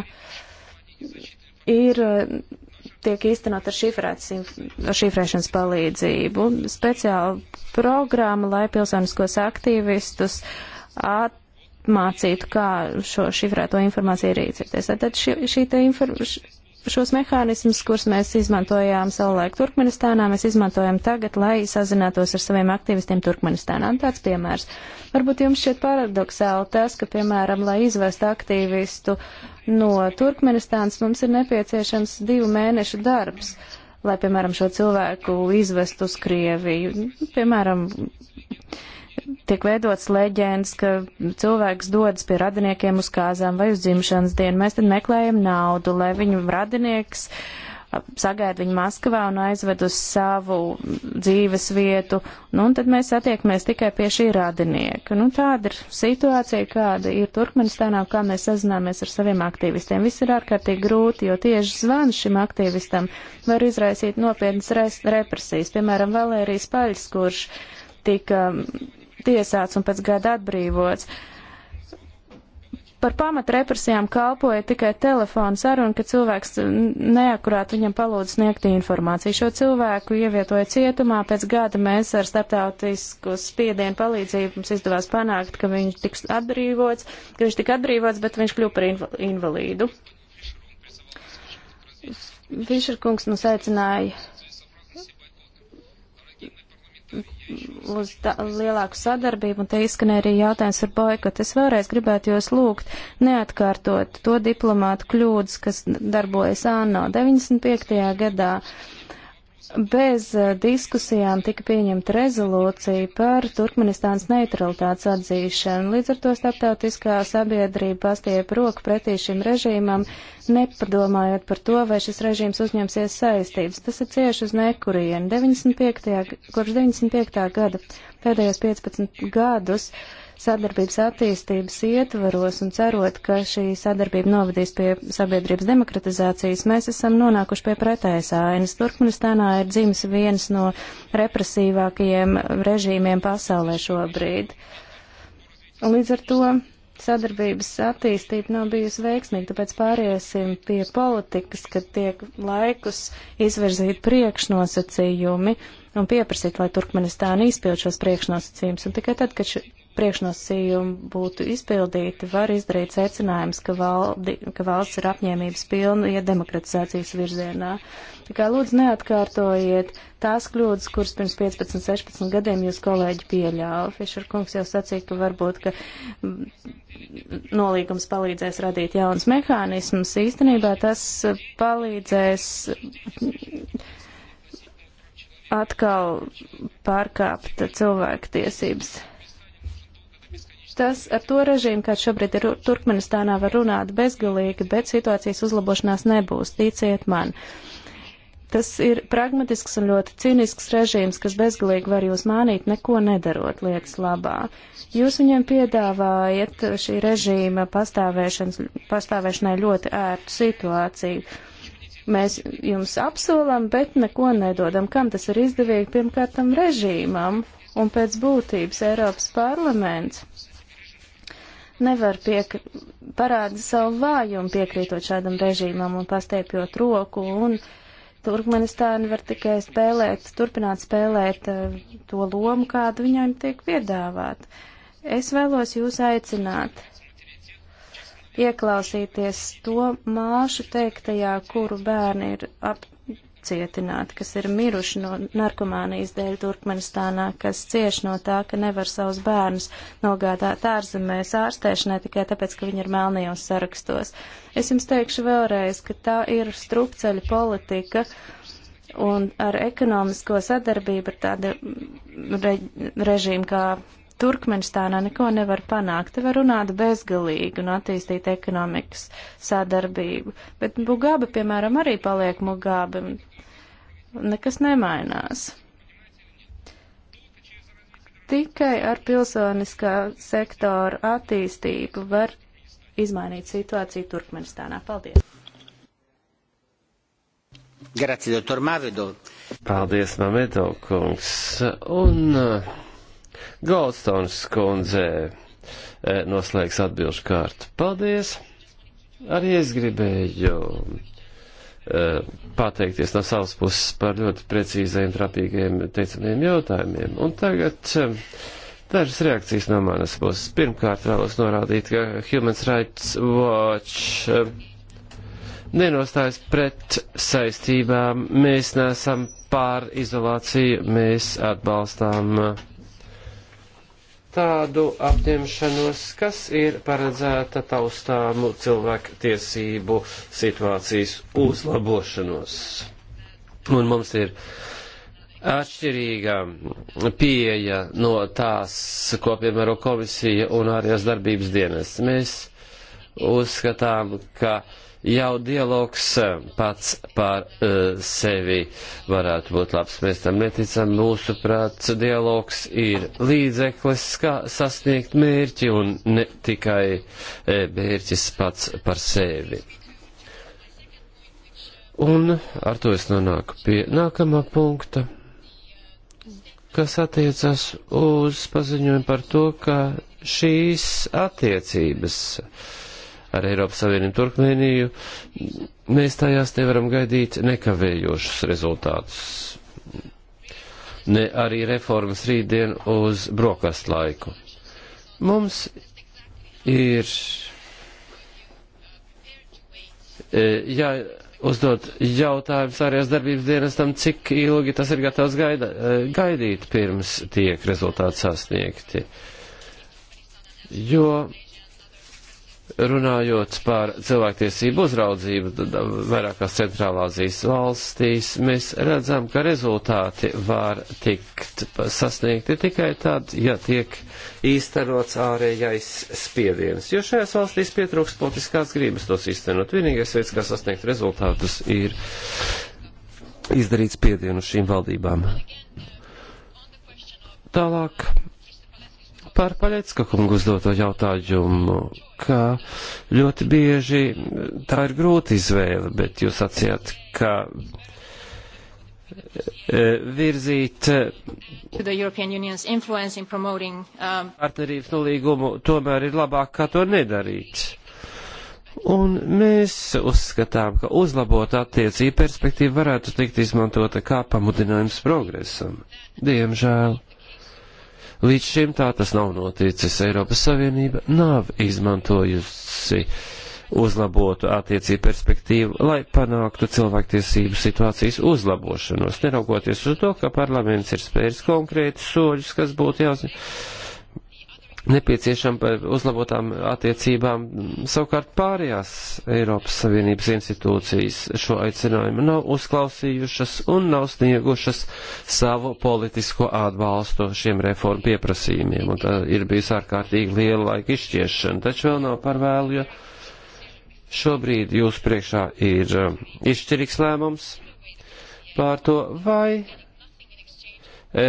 ir tiek īstenot ar, ar šifrēšanas palīdzību. Speciāla programma, lai pilsoniskos aktīvistus at mācītu, kā šo šifrēto informāciju rīcīties. Tad šī, šī te informācija šos mehānismus, kurus mēs izmantojām savulaik Turkmenistānā, mēs izmantojam tagad, lai sazinātos ar saviem aktīvistiem Turkmenistānā. Un tāds piemērs. Varbūt jums šķiet paradoxāli tas, ka, piemēram, lai izvest aktīvistu no Turkmenistānas, mums ir nepieciešams divu mēnešu darbs, lai, piemēram, šo cilvēku izvest uz Krieviju. Piemēram, tiek veidots leģendas, ka cilvēks dodas pie radiniekiem uz kāzām vai uz dzimšanas dienu. Mēs tad meklējam naudu, lai viņu radinieks sagaida viņu Maskavā un aizved uz savu dzīves vietu. Nu, un tad mēs attiekamies tikai pie šī radinieka. Nu, tāda ir situācija, kāda ir Turkmenistānā, kā mēs sazināmies ar saviem aktīvistiem. Viss ir ārkārtīgi grūti, jo tieši zvans šim aktīvistam var izraisīt nopietnas represijas. Piemēram, Valērijas Paļs, kurš tika tiesāts un pēc gada atbrīvots. Par pamatu represijām kalpoja tikai telefona saruna, ka cilvēks neakurāt viņam palūdz sniegt informāciju. Šo cilvēku ievietoja cietumā, pēc gada mēs ar starptautisko spiedienu palīdzību mums izdevās panākt, ka viņš tiks atbrīvots, ka viņš tika atbrīvots, bet viņš kļūpa par inv invalīdu. Fišerkungs mums aicināja uz da, lielāku sadarbību, un te izskanēja arī jautājums par boikotu. Es vēlreiz gribētu jūs lūgt neatkārtot to diplomātu kļūdas, kas darbojas ANO 95. gadā. Uh, Bez eh, diskusijām tika pieņemta rezolūcija par Turkmenistānas neutralitātes atzīšanu. Līdz ar to starptautiskā sabiedrība pastiep roku pretī šim režīmam, nepadomājot par to, vai šis režīms uzņemsies saistības. Tas ir cieši uz nekurienu. 95. Kopš 95. gada pēdējos 15 gadus sadarbības attīstības ietvaros un cerot, ka šī sadarbība novadīs pie sabiedrības demokratizācijas, mēs esam nonākuši pie pretējas ainas. Turkmenistānā ir dzimis viens no represīvākajiem režīmiem pasaulē šobrīd. Līdz ar to sadarbības attīstība nav bijusi veiksmīga, tāpēc pāriesim pie politikas, kad tiek laikus izvirzīt priekšnosacījumi un pieprasīt, lai Turkmenistāna izpild šos priekšnosacījumus. Un tikai tad, kad priekšnosījumi būtu izpildīti, var izdarīt secinājums, ka, valdi, ka valsts ir apņēmības pilna iet demokratizācijas virzienā. Tā kā lūdzu neatkārtojiet tās kļūdas, kuras pirms 15, 16 gadiem jūs kolēģi pieļāva. Fišer kungs jau sacīja, ka varbūt, ka nolīgums palīdzēs radīt jaunas mehānismas. Īstenībā tas palīdzēs atkal pārkāpt cilvēku tiesības tas ar to režīmu, kāds šobrīd ir Turkmenistānā, var runāt bezgalīgi, bet situācijas uzlabošanās nebūs, ticiet man. Tas ir pragmatisks un ļoti cīnisks režīms, kas bezgalīgi var jūs mānīt, neko nedarot lietas labā. Jūs viņiem piedāvājat šī režīma pastāvēšanai ļoti ērtu situāciju. Mēs jums apsolam, bet neko nedodam. Kam tas ir izdevīgi? Pirmkārt, tam režīmam, un pēc būtības Eiropas parlaments nevar piekri, parāda savu vājumu piekrītot šādam režīmam un pastiepjot roku, un Turkmenistāna var tikai spēlēt, turpināt spēlēt eh, to lomu, kādu viņam tiek piedāvāt. Es vēlos jūs aicināt ieklausīties to māšu teiktajā, kuru bērni ir ap apcietināti, kas ir miruši no narkomānijas dēļ Turkmenistānā, kas cieš no tā, ka nevar savus bērnus nogādāt ārzemēs ārstēšanai tikai tāpēc, ka viņi ir melnījos sarakstos. Es jums teikšu vēlreiz, ka tā ir strupceļa politika. Un ar ekonomisko sadarbību ar tādu re, režīmu kā Turkmenistānā neko nevar panākt. Te var runāt bezgalīgi un attīstīt ekonomikas sadarbību. Bet Mugabe, piemēram, arī paliek Mugabe. Nekas nemainās. Tikai ar pilsoniskā sektora attīstību var izmainīt situāciju Turkmenistānā. Paldies! Grazie, doktor Mavido. Paldies, Mavido kungs. Un uh, Goldstones kundze e, noslēgs atbilžu kārtu. Paldies! Arī es gribēju e, pateikties no savas puses par ļoti precīzajiem, trapīgajiem teicamiem jautājumiem. Un tagad e, dažas reakcijas no manas puses. Pirmkārt vēlos norādīt, ka Human Rights Watch nenostājas pret saistībām. Mēs nesam pār izolāciju, mēs atbalstām uh, tādu apņemšanos, kas ir paredzēta taustāmu cilvēku tiesību situācijas uzlabošanos. Un mums ir atšķirīga pieeja no tās, ko piemēro komisija un ārējās darbības dienas. Mēs uzskatām, ka uh, jau dialogs eh, pats par uh, sevi varētu būt labs. Mēs tam neticam. Mūsuprāt, dialogs ir līdzeklis, kā sasniegt mērķi un ne tikai uh, mērķis pats par sevi. Un ar to es nonāku pie nākamā punkta, kas attiecas uz paziņojumu par to, ka šīs attiecības uh, ar Eiropas Savienību Turkmēniju, mēs tajās nevaram gaidīt nekavējošus rezultātus. Ne arī reformas rītdien uz brokastu laiku. Mums ir e, jā, uzdot jautājums arī es darbības dienestam, cik ilgi tas ir gatavs gaida, e, gaidīt pirms tiek rezultāti sasniegti. Jo Runājot par cilvēktiesību uzraudzību vairākās centrālāzijas valstīs, mēs redzam, ka rezultāti var tikt sasniegti tikai tad, ja tiek īstenots ārējais spiediens, jo šajās valstīs pietrūkst politiskās grības tos īstenot. Vienīgais veids, kā sasniegt rezultātus, ir izdarīt spiedienu šīm valdībām. Tālāk par Paļecka kungu uzdoto jautājumu, ka ļoti bieži tā ir grūta izvēle, bet jūs atsījāt, ka e, virzīt e, um, partnerības nolīgumu tomēr ir labāk, kā to nedarīt. Un mēs uzskatām, ka uzlabot attiecību perspektīvu varētu tikt izmantota kā pamudinājums progresam. Diemžēl Līdz šim tā tas nav noticis. Eiropas Savienība nav izmantojusi uzlabotu attiecību perspektīvu, lai panāktu cilvēktiesību situācijas uzlabošanos, neraugoties uz to, ka parlaments ir spēris konkrētus soļus, kas būtu jāzina nepieciešama par uzlabotām attiecībām. Savukārt pārējās Eiropas Savienības institūcijas šo aicinājumu nav uzklausījušas un nav sniegušas savu politisko atbalstu šiem reformu pieprasījumiem. Un tā ir bijusi ārkārtīgi liela laika izšķiešana, taču vēl nav par vēlu, jo šobrīd jūs priekšā ir um, izšķirīgs lēmums pār to, vai E,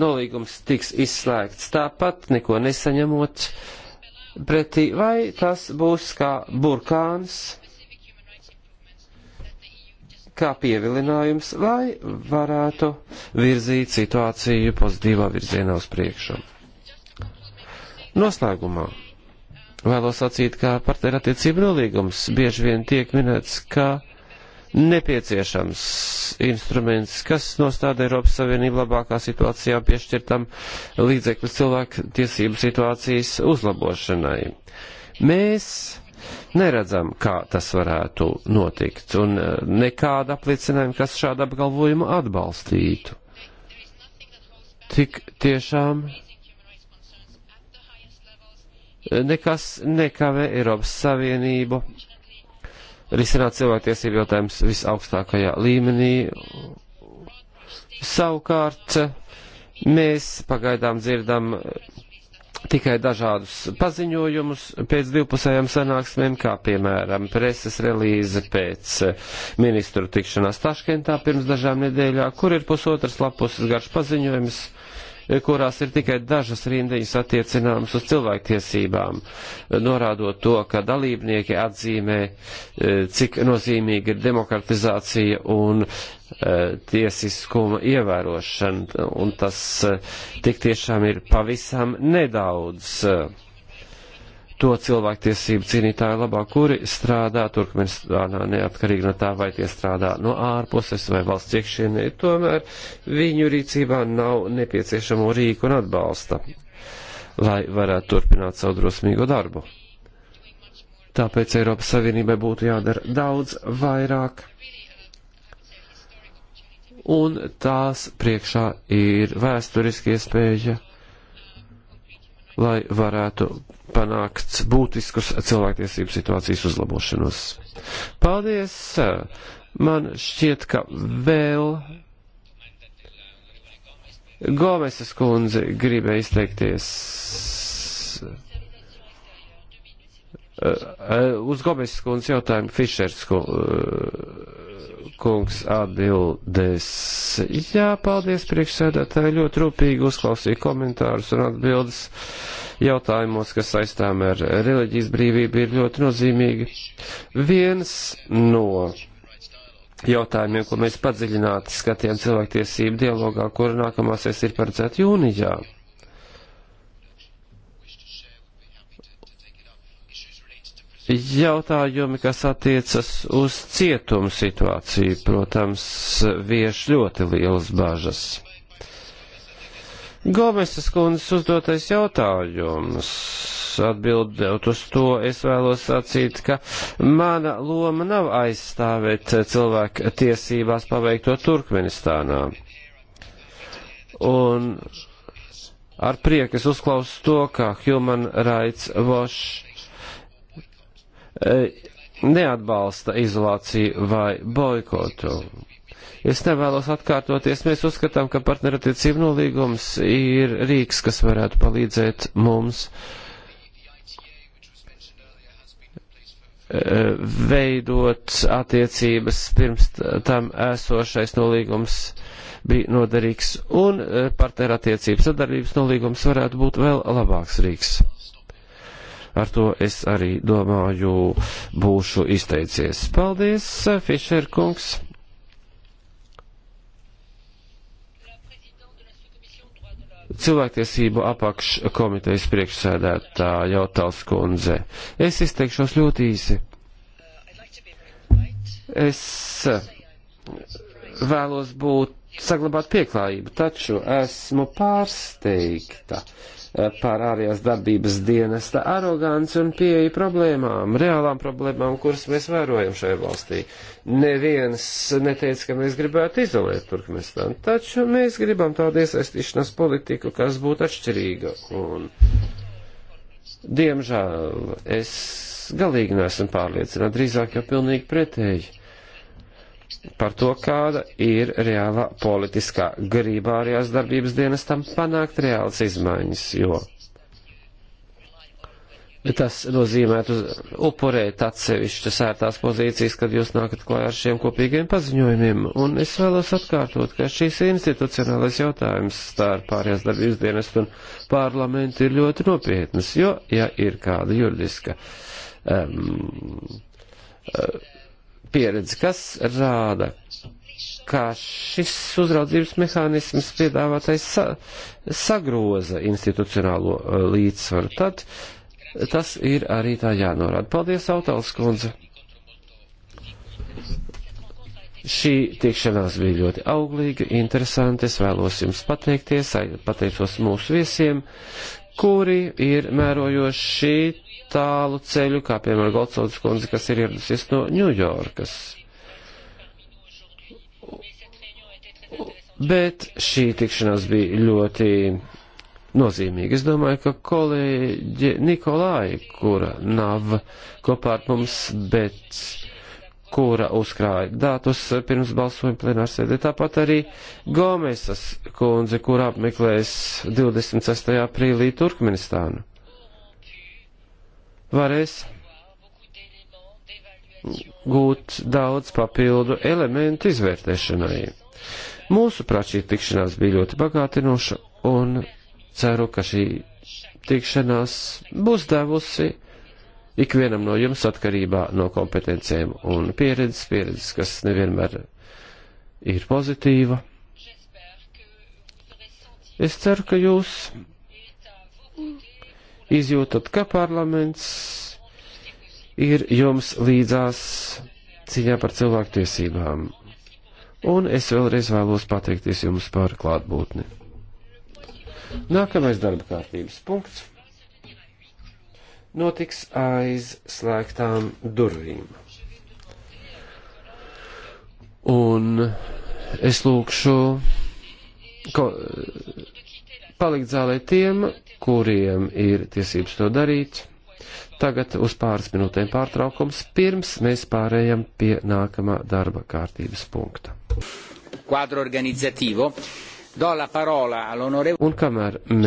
nolīgums tiks izslēgts tāpat, neko nesaņemot pretī, vai tas būs kā burkāns, kā pievilinājums, lai varētu virzīt situāciju pozitīvā virzienā uz priekšu. Noslēgumā vēlos sacīt, ka partnerattiecību nolīgums bieži vien tiek minēts, ka nepieciešams instruments, kas nostāda Eiropas Savienību labākā situācijā piešķirtam līdzekļu cilvēku tiesību situācijas uzlabošanai. Mēs neredzam, kā tas varētu notikt, un e, nekāda apliecinājuma, kas šādu apgalvojumu atbalstītu. Tik tiešām nekas nekavē Eiropas Savienību risināt cilvēktiesību jautājums visaugstākajā līmenī. Savukārt, mēs pagaidām dzirdam tikai dažādus paziņojumus pēc divpusējām sanāksmēm, kā piemēram preses relīze pēc ministru tikšanās Taškentā pirms dažām nedēļām, kur ir pusotras lapuses garš paziņojums kurās ir tikai dažas rindiņas attiecināmas uz cilvēktiesībām, norādot to, ka dalībnieki atzīmē, e, cik nozīmīga ir demokratizācija un e, tiesiskuma ievērošana, un tas e, tik tiešām ir pavisam nedaudz to cilvēktiesību cīnītāju labā, kuri strādā Turkmenistānā, neatkarīgi no tā, vai tie strādā no ārpuses vai valsts iekšienē, tomēr viņu rīcībā nav nepieciešamo rīku un atbalsta, lai varētu turpināt savu drosmīgo darbu. Tāpēc Eiropas Savienībai būtu jādara daudz vairāk, un tās priekšā ir vēsturiski iespēja lai varētu panākt būtiskus cilvēktiesību situācijas uzlabošanos. Paldies! Man šķiet, ka vēl Gomeses kundze gribēja izteikties. Uz Gomeses kundzes jautājumu Fišers kundze kungs atbildēs. Jā, paldies priekšsēdētāji, ļoti rūpīgi uzklausīja komentārus un atbildes jautājumos, kas saistām ar reliģijas brīvību, ir ļoti nozīmīgi. Viens no jautājumiem, ko mēs padziļināti skatījām cilvēktiesību dialogā, kur nākamā sesija ir paredzēta jūnijā. Jautājumi, kas attiecas uz cietumu situāciju, protams, vieš ļoti lielas bažas. Gomesas kundzes uzdotais jautājums. Atbildot uz to, es vēlos sacīt, ka mana loma nav aizstāvēt cilvēku tiesībās paveikto Turkmenistānā. Un ar prieku es uzklausu to, kā Human Rights Watch E, neatbalsta izolāciju vai boikotu. Es nevēlos atkārtoties, mēs uzskatām, ka partnerattiecību nolīgums ir rīks, kas varētu palīdzēt mums e, veidot attiecības pirms tam esošais nolīgums bija noderīgs, un e, partnerattiecības sadarbības nolīgums varētu būt vēl labāks rīks. Ar to es arī domāju būšu izteicies. Paldies, Fišer kungs! cilvēktiesību apakškomitejas priekšsēdētā Jautals kundze. Es izteikšos ļoti īsi. Es vēlos būt saglabāt pieklājību, taču esmu pārsteigta. Uh, Eh, par ārējās darbības dienesta aroganci un pieeju problēmām, reālām problēmām, kuras mēs vērojam šajā valstī. Neviens neteica, ka mēs gribētu izolēt Turkmenistānu, taču mēs gribam tādu iesaistīšanās politiku, kas būtu atšķirīga. Un, diemžēl, es galīgi neesmu pārliecināts, drīzāk jau pilnīgi pretēji par to, kāda ir reālā politiskā grība ārējās darbības dienestam panākt reāls izmaiņas, jo tas nozīmētu upurēt atsevišķas ērtās pozīcijas, kad jūs nākat klājā ar šiem kopīgiem paziņojumiem. Un es vēlos atkārtot, ka šīs institucionālais jautājums starp pārējās darbības dienestu un parlamentu ir ļoti nopietnas, jo, ja ir kāda juridiska. Um, uh, pieredze, kas rāda, ka šis uzraudzības mehānisms piedāvātais sa sagroza institucionālo uh, līdzsvaru, tad tas ir arī tā jānorāda. Paldies, Autals kundze! Šī tikšanās bija ļoti auglīga, interesanti. Es vēlos jums pateikties, pateicos mūsu viesiem, kuri ir mērojoši tālu ceļu, kā piemēram Goldsovas kundze, kas ir ieradusies no Ņujorkas. Bet šī tikšanās bija ļoti nozīmīga. Es domāju, ka kolēģi Nikolai, kura nav kopā ar mums, bet kura uzkrāja datus pirms balsojuma plenārsēdē. Tāpat arī Gomesas kundze, kur apmeklēs 26. aprīlī Turkmenistānu varēs gūt daudz papildu elementu izvērtēšanai. Mūsu prāčī tikšanās bija ļoti bagātinoša un ceru, ka šī tikšanās būs devusi ikvienam no jums atkarībā no kompetencēm un pieredzes, pieredzes, kas nevienmēr ir pozitīva. Es ceru, ka jūs izjūtat, ka parlaments ir jums līdzās cīņā par cilvēktiesībām. Un es vēlreiz vēlos pateikties jums par klātbūtni. Nākamais darba kārtības punkts notiks aiz slēgtām durvīm. Un es lūkšu ko, palikt zālē tiem, kuriem ir tiesības to darīt. Tagad uz pāris minūtēm pārtraukums, pirms mēs pārējām pie nākamā darba kārtības punkta. Un kamēr mēs